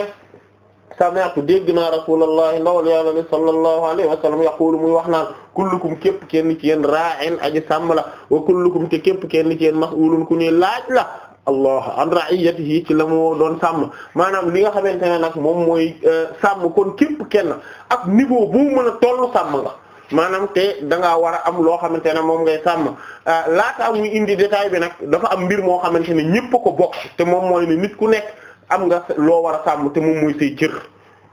sami'tu dégg naa rasulullahi ndawal yàlla li sallallahu alayhi wa sallam yaqulu muy wax naan kullukum képp kenn ci yéen ra'in aji sàmm la wa kullukum te képp kenn ci yéen mas'ulun ku ñuy laaj la allah an ra'iyatihi ci la moo doon sàmm maanaam li nga xamante ne nag moom mooy euh, sàmm kon képp kenn ak niveau bu mën a tollu sàmm nga maanaam te da ngaa war a am loo xamante ne moom ngay sàmm euh, laataa muy indi détail bi nag dafa am mbir moo xamante ne ñépp ko bokk te moom mooy ne nit ku nekk am nga loo war a ti te moom mooy say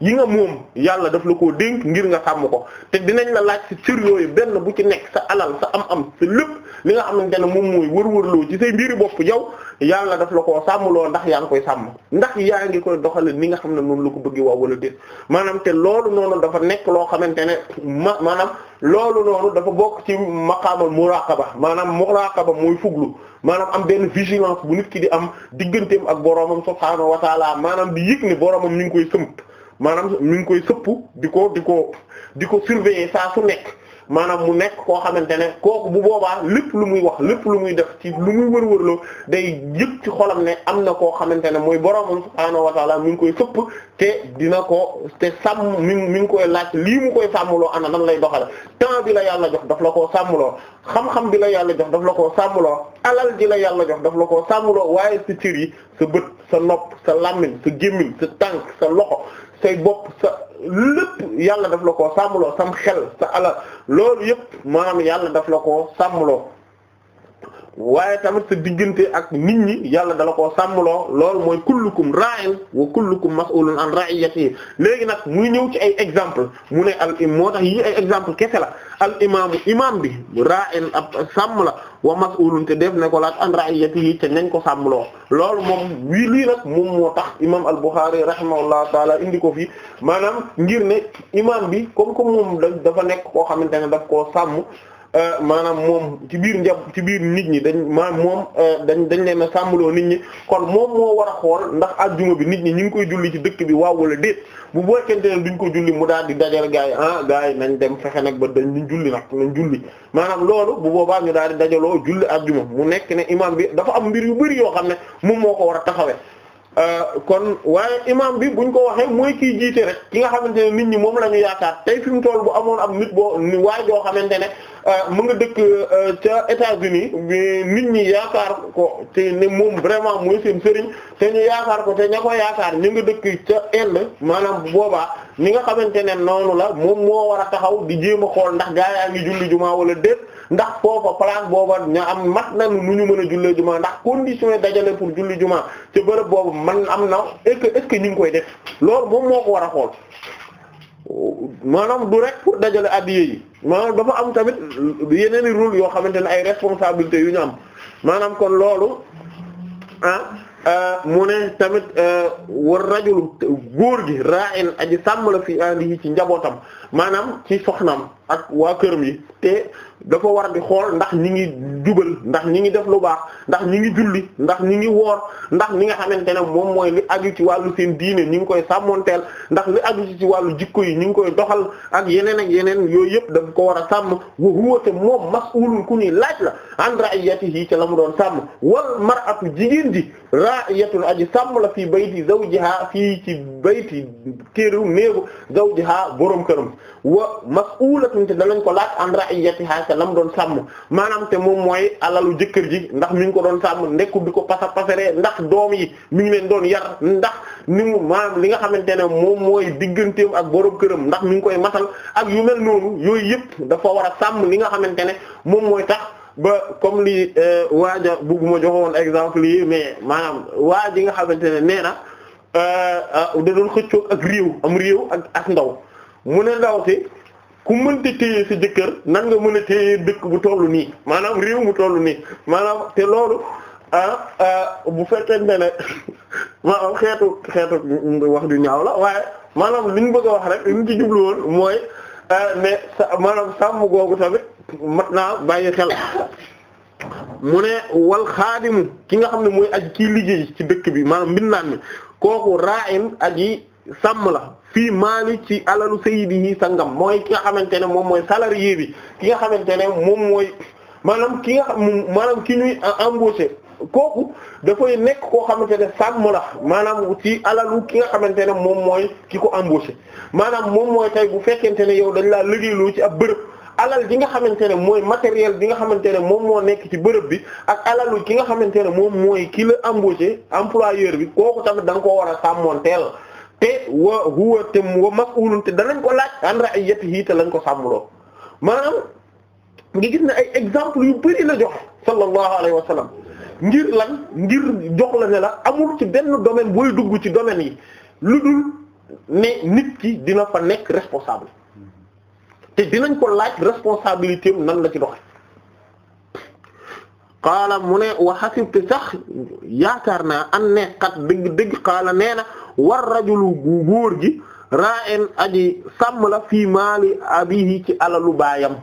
yi nga moom yàlla daf la koo dénk ngir nga sàmm ko te dinañ la laaj si cër yooyu benn bu ci nekk sa alal sa am-am sa lépp li nga xamante ne moom mooy wër-wërloo ci say mbiri bopp yow yàlla daf la ko sàmmloo ndax yaa ngi koy sàmm ndax yaa ngi koy doxale ni nga xam ne noonu la ko bëggee waaw wala déet maanaam te loolu noonu dafa nekk loo xamante ne ma maanaam loolu noonu dafa bokk ci maqaamal muraqaba maanaam muraqaba mooy fuglu maanaam am benn vigilance bu nit ki di am digganteem ak boroomam subhaanahu maanaam di yëg ne boroomam mi maanaam mi ngi koy sëpp di ko di ko di ko surveiller saa su nekk maanaam mu nekk koo xamante ne kooku bu boobaa lépp lu muy wax lépp lu muy def ci lu muy wër-wërloo day yëpp ci xolam ne am na koo xamante ne mooy boroomam subhaanahu wa mi ngi koy sëpp te dina ko te sàmm mu mi ngi koy laaj lii mu koy sàmmloo ana nan lay doxale temps bi la yàlla jox daf la koo sàmmloo xam-xam bi la yàlla jox daf la koo sàmmloo alal ji la yàlla jox daf la koo sàmmloo waaye sa cër yi sa bët sa nopp sa làmmiñ sa tànk sa loxo say bopp sa lépp yàlla daf la koo sàmmloo sam xel sa alal loolu yëpp maam yàlla daf la koo sàmmloo waaye tamit sa diggante ak nit ñi yàlla dala koo sàmmloo lool mooy kullukum ra'in wa kullukum mas'ulun an ra'iyatihi léegi nag muy ñëw ci ay exemple mu ne al im moo tax yii ay exemple kese la al imaamu imam bi ra'in ab sàmm la wa mas'ulun te def ne ko laaj an ra'iyatihi te nañ ko sàmmloo loolu moom wi lii nag moom moo tax imam al Bukhari rahimahullahu taala indi ko fi maanaam ngir ne imam bi comme comme moom dafa nekk koo xamante ne daf koo sàmm Euh, maanaam moom ci biir njab ci biir nit ñi dañ ma moom euh, dañ dañ leen a sàmmaloo nit ñi kon moom moo war a xool ndax àjjuma bi nit ñi ñu ngi koy julli ci dëkk bi waaw wala déet bu bokkente ne ko julli mu daal di dajal ah, gars yi nañ dem fexe nag ba dañ ñu julli nag nañ julli maanaam loolu bu boobaa ñu daal di dajaloo julli àjjuma mu nekk ne imam bi dafa am mbir yu bari yoo xam ne moom moo ko war a taxawee. Euh, kon waaye imam bi buñ ko waxee mooy kiy jiite rek ki nga xamante ne nit ñi moom la ñu yaakaar tey fi mu toll bu amoon am nit boo waay joo xamante ne Euh, mu nga dëkk euh, ca États-Unis nit ñi yaakaar ko te ne moom vraiment mooy seen sëriñ te ñu yaakaar ko te ña ko yaakaar ñu nga dëkk ca Inde maanaam boobaa ni nga xamante ne noonu la moom moo war a taxaw di jéem a xool ndax gaa yaa ngi julli jumaa wala déet ndax foofa place booba ña am mat na nu ñu mën a jullee jumaa ndax condition dajale pour julli jumaa ca bërëb boobu man am na est-ce que ñu ngi koy def loolu moom moo ko war a xool maanaam du rek pour dajale addiye yi maanaam dafa am tamit yeneen i rôle yoo xamante ne ay responsabilités yu ñu am maanaam kon loolu ah euh, mu ne tamit euh, war rajulu góor gi ra'in aj sàmm la fi ahlihi ci njabootam maanaam ci soxnaam ak waa këram yi te dafa war di xool ndax ñi ngi jubal ndax ñi ngi def lu baax ndax ñi ngi julli ndax ñi ngi woor ndax li nga xamante ne moom mooy li aju ci wàllu seen diine ñi ngi koy sàmmonteel ndax li aju ci wàllu jikko yi ñu ngi koy doxal ak yeneen ak yeneen yooyu yëpp dafa ko war a sàmm wa huwa te moom mas'ulun ku nii laaj la an ra'iyatihi ca la mu doon sàmm wal mar'atu jigéen ji ra'iyatun aji sàmm la fii bayti zawjiha fii ci bayti këru néegu zawjiha borom këram wa mas'ulatun te danañ ko laaj an ra'iyatiha ca lam doon sàmm maanaam te moom mooy alalu jëkkër ji ndax mi ngi ko doon sàmm nekku di ko pasa pasare ndax doom yi mi ngi leen doon yar ndax ni mu maanaam li nga xamante ne moom mooy digganteem ak borom këram ndax mi ngi koy matal ak yu mel noonu yooyu yëpp dafa war a sàmm li nga xamante ne moom mooy tax ba comme li euh, waaja bugguma joxoon exemple yi mais maanaam waa ji nga xamante ne nee na euh, euh, da doon xëccoo ak réew am réew ak ak ndaw mu ne ndaw si ku mënta téye sa jëkkër nan nga mën a téye dëkk bu toll nii maanaam réew mu toll nii maanaam te loolu ah, ah bu fekkente ne (laughs) maanaam xeetu xeetu wax du ñaaw la waaye maanaam li ñu bëgg a wax rek li ñu ci jublu woon mooy ah, ne maanaam sàmm googu tamit mat naa bàyyi xel mu ne wal xaadimu ki nga xam ne mooy aji kii liggéey ci dëkk bi maanaam mbindaan mi kooku raa in aji sàmm la fii maali ci alalu sayyidihi sangam mooy ki nga xamante ne moom mooy salarié bi ki nga xamante ne moom mooy maanaam ki nga maanaam ki ñuy embauché kooku dafay nekk koo xamante ne sàmm la maanaam ci alalu ki nga xamante ne moom mooy ki ko embauché maanaam moom mooy bu fekkente ne yow dañ laa liggéeyloo ci ab bërëb alal ji nga xamante ne mooy matériel bi nga xamante ne moom moo nekk ci bërëb bi ak alalu ki nga xamante ne moom mooy ki la embauché employeur bi kooku tamit da nga koo war a sàmmoon teel te wa huwa te wa mas'ulun te danañ ko laaj an ra'iyatihi te lañ ko sàmmloo maanaam ngi gis ne ay exemple yu bari la joxe sallallahu alayhi wa sallam ngir lan ngir jox la ne la amul ci benn domaine booy dugg ci domaine yi lu dul ne nit ki dina fa nekk responsable te dinañ ko laaj responsabilité am nan la ci doxe qaala mu ne wa hasibtu sax yaakaar naa an ne qat dëgg dëgg qaala nee na war rajulu góor gi ra'in aji sàmm la fii maali abihi ci alalu baayam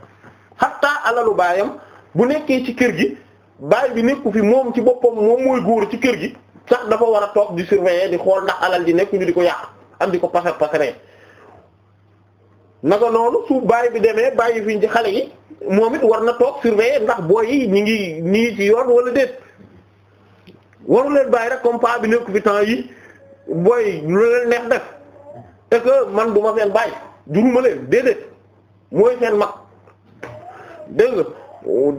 hatta alalu baayam bu nekkee ci kër gi baay bi nekku fi moom ci boppam moom mooy góor ci kër gi sax dafa war a toog di surveiller di xool ndax alal ji nekk ñu di ko yàq am ko pasar pasaree naka noonu su baay bi demee bàyyi fi ci xale yi moomit war na toog surveiller ndax booy yi ñu ngi nii ci yoon wala déet waru leen bàyyi rek comme paa bi nekku fi temps yi booy lu leen neex def man du ma seen bàyyi juruma leen déedéet mooy seen mag dégg nga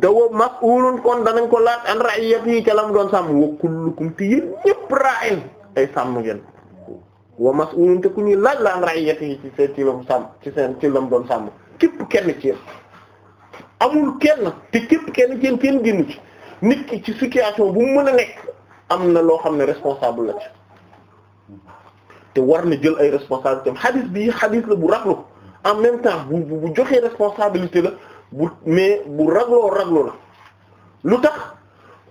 dawa mas'ulun kon danañ ko laaj an ra'iyati ca lam doon sàmm wa ti te yéen ñëpp ra'in ay sàmm ngeen wa mas'ulun te ku ñuy laaj la an ra'iyati ci seen ci sàmm ci seen ci lam doon sàmm képp kenn ci yéen amul kenn te képp kenn ci yéen kenn génnu ci nit ki ci situation bu mu mën a nekk am na loo xam ne responsable la ci te war na jël ay responsabilités xadis bii xadis la bu raglu en même temps bu bu joxee responsabilité la bu mais bu ragloo raglu la lu tax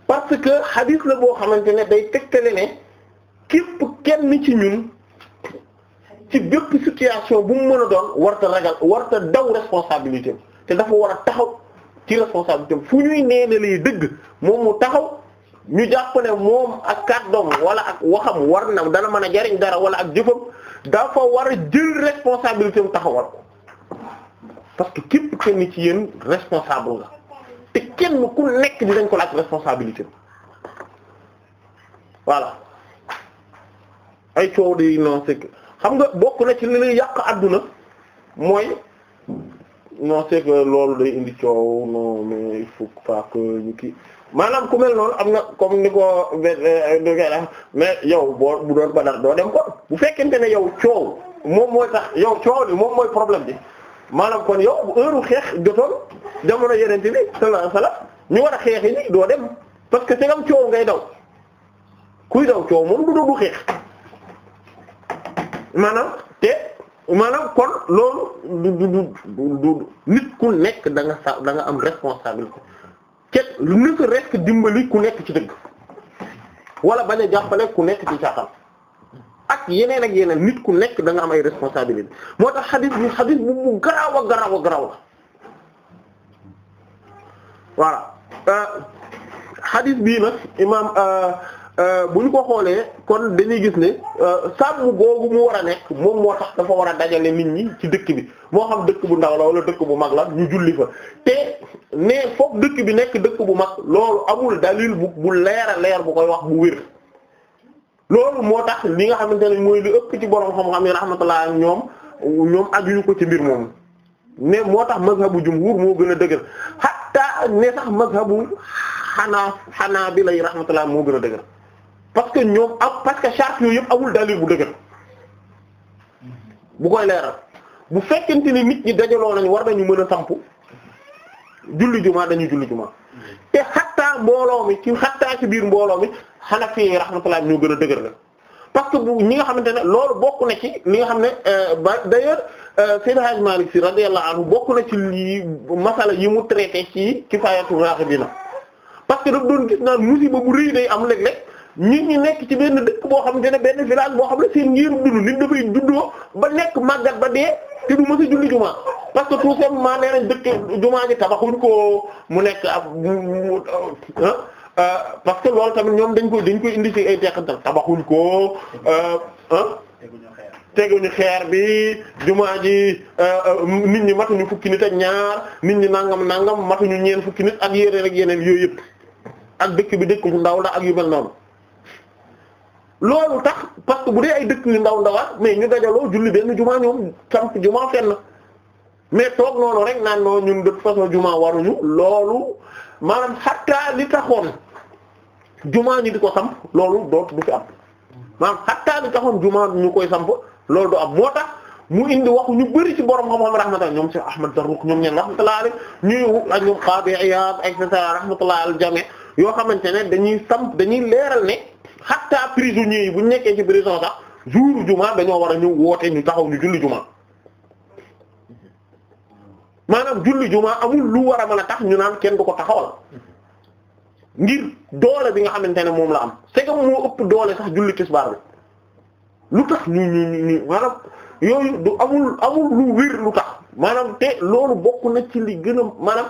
parce que xadis la boo xamante ne day tegtale ne képp kenn ci ñun ci bépp situation bu mu mën a doon warta ragal warta daw responsabilité te dafa war a taxaw ci responsabilité fu ñuy nee na lay dëgg moom mu taxaw ñu jàpp ne moom ak kàddoom wala ak waxam war na dana mën a jariñ dara wala ak jëfam dafa war a jël responsabilité am taxawal parce que képp kenn ci yéen responsable nga te kenn ku nekk dinañ ko laaj responsabilité voilà ay coow di non que xam nga bokk na ci li yàq àdduna mooy non c'est que loolu day indi coow non mais il faut pas que ñu kii maanaam ku mel noonu am na comme ni mais yow boo bu doon dem ko bu fekkente ne yow coow moom mooy tax yow problème bi maanaam kon yow bu xeex jotoon jamono yeneen bi sallallahu ñu war a xeex doo dem parce que segam coow ngay daw daw coow moom du dugg xeex maanaam loolu du du du du nit ku nekk da nga sa da nga am responsabilité ket ne serait-ce dimbali ku nekk ci dëgg wala bañ a jàppale ku nekk ci caaxaan ak yeneen ak yeneen nit ku nekk danga nga am ay responsabilité moo tax xadis bi xadis bu mu garaaw a garaaw a garaaw la voilà euh, xadis bii nag imaam. Euh, Euh, bu ñu ko xoolee kon dañuy gis ne euh, sàmm googu mu war a nekk moom moo tax dafa war a dajale nit ñi ci dëkk bi moo xam dëkk bu ndaw la wala dëkk bu mag la ñu julli fa te ne foofu dëkk bi nekk dëkk bu mag loolu amul dalil bu bu leer leer bu koy wax bu wér loolu moo tax li nga xamante ne mooy lu ëpp ci borom xam-xam yi rahmatullah ñoom ñoom ajuñu ko ci mbir moom ne moo tax mag mazhabu jumhur moo gën a dëgër hatta ne sax mazhabu xanaa xanaa bi lay rahmatullah moo gën dëgër parce que ñoom ak parce que charte yooyu yëpp amul dalil bu dëgër bu koy leeral bu fekkente ni nit ñi dajaloo nañu war nañu mën a sampu julli juma dañuy julli juma te xattaa mbooloo mi ci xattaa ci biir mbooloo mi Hanafi yi rahmatullah ñoo gën a dëgër na parce que bu ñi nga xamante ne loolu bokk na ci li nga xam ne euh, ba d'ailleurs euh, Seydi Hadji Malick Sy radiyallahu anhu bokk na ci lii masala yi mu traité ci Kifaayatu Raaxibiina parce que daf doon gis naan musiba bu rëy day am léeg-léeg nit ñi nekk ci benn dëkk boo xamante ne benn village boo xam ne seen ngir dund nit dafay juddoo ba nekk màggat ba dee te du mës a julli jumaa parce que tout simplement nee rek dëkk jumaa ji tabaxuñ ko mu nekk ab euh, euh, parce que loolu tamit ñoom dañ ko dañ koy indi ci ay teqantal tabaxuñ ko euh, teguñu xeer bi jumaa ji nit ñi matuñu fukki nit ñaar nit ñi nangam nangam matuñu ñeen fukki nit ak yeneen ak yeneen yooyu ak dëkk bi dëkk bu ndaw la ak yu mel noonu loolu tax parce que bu dee ay dëkk yu ndaw ndawa mais ñu dajaloo julli benn jumaa ñoom samp jumaa fenn mais toog noonu rek naan noo ñu de façon jumaa waruñu loolu maanaam xattaa li taxoon jumaa ñi di ko samp loolu dootu du fi am maanaam xattaa li taxoon jumaa ñu koy samp loolu du am moo tax mu indi waxu ñu bari ci borom xam-xam rahmatullah ñoom Cheikh Ahmad Zarruq ñoom ñeen rahmatullah alayhi ñuy ak ñoom Qadi Iyad et cetera rahmatullah al yoo xamante ne dañuy samp dañuy leeral ne xatta prisonniers yi bu ñu nekkee ci prison sax jour juma dañoo war a ñëw ñu taxaw ñu julli juma maanaam julli juma amul lu war a mën a tax ñu naan kenn du ko taxawal ngir doole bi nga xamante ne moom la am c'est que moo ëpp doole sax julli tisbaar bi lu tax ñu ñu ñu maanaam yooyu du amul amul lu wér lu tax maanaam te loolu bokk na ci li gën a maanaam.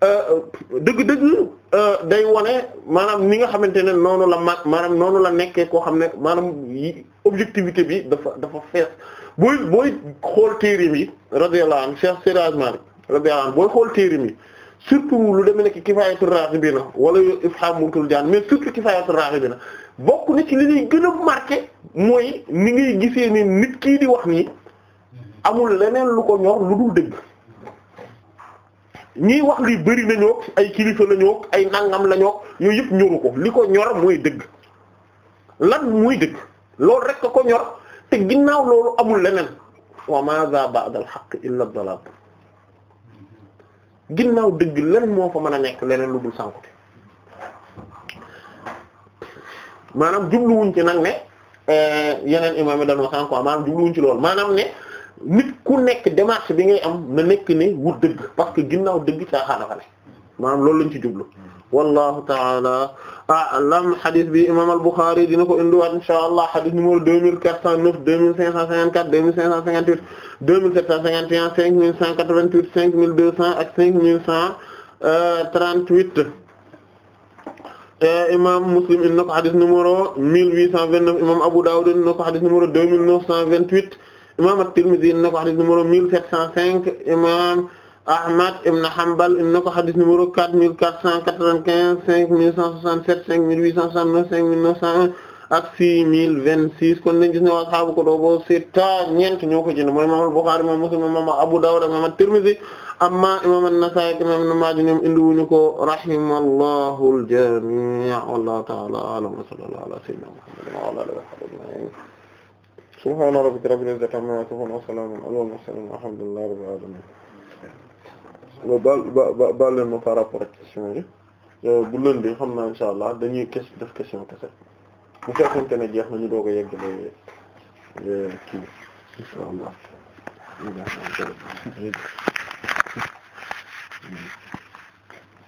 dëgg-dëgg euh, euh, day wone maanaam ni nga xamante ne noonu la ma maanaam noonu la nekkee koo xam ne maanaam objectivité bi dafa dafa fees booy booy xool téerim yi radiyallahu anhu Cheikh Siraj Malik radiyallahu booy xool téerim yi surtout lu demee nekk Kifayatur Raghibina wala Ifhamul Jaan mais surtout Kifayatur Raghibina bokk na ci li ñuy gën a marqué mooy ni ngay gisee ni nit kii di wax nii amul leneen lu ko ñor lu dul dëgg ñiy wax lii bari nañoo ay kilifa lañoo ay nangam lañoo yooyu yëpp ñoru ko li ko ñor mooy dëgg lan muy dëgg loolu rek ko ñor te ginnaaw loolu amul leneen wa ma za ba'da al haqq illa ad ginnaaw dëgg lan moo fa mën a nekk leneen lu dul sànkute maanaam jubluwuñ ci nag ne eh, yeneen imaam yi dañoo sànku maanaam jubluwuñ ci loolu maanaam ne nit ku nekk démarche bi ngay am na nekk ne wut dëgg parce que ginnaaw dëgg caaxaana fa ne maanaam loolu lañ ci jublu wallahu taala a'lam xadis bi imam al-Bukhari dina ko indiwaat inshaa Allah xadis numéro 2409 2554 2558 2751 5188 5200 ak 5138 euh, imam Muslim indi na ko xadis numéro 1829 imam Abu Dawud indi na ko xadis numéro 2928 imam at-Tirmidhi indi na ko xadis numéro 1705 imam Ahmad ibn Hanbal indi na ko xadis numéro 4495 5167 5869 5901 ak 6026 kon lañu gis ne ashaabu kutubu sitta ñeent ñoo mill vingt mooy imam al-Bukhari imam Muslim imam Abu Dawud imam at-Tirmidhi amma imam an-Nasa'i imam Ibn Maaja ñoom indi wuñu ko rahimallahu al-jami' wallahu ta'ala a'lam wa sallallahu ala sayyidina Muhammad wa ala alihi wa sahbihi subhaana rabbika rabbil izzati amma yasifuun wa salaamun alal mursaliin walhamdulillahi rabbil aalamiin ba ba baal leen ma par rapport ak question yi bu lëndee xam naa insha allah dañuy kes def question kese bu fekkente ne jeex nañu doog a yeggale eh, kii insha allah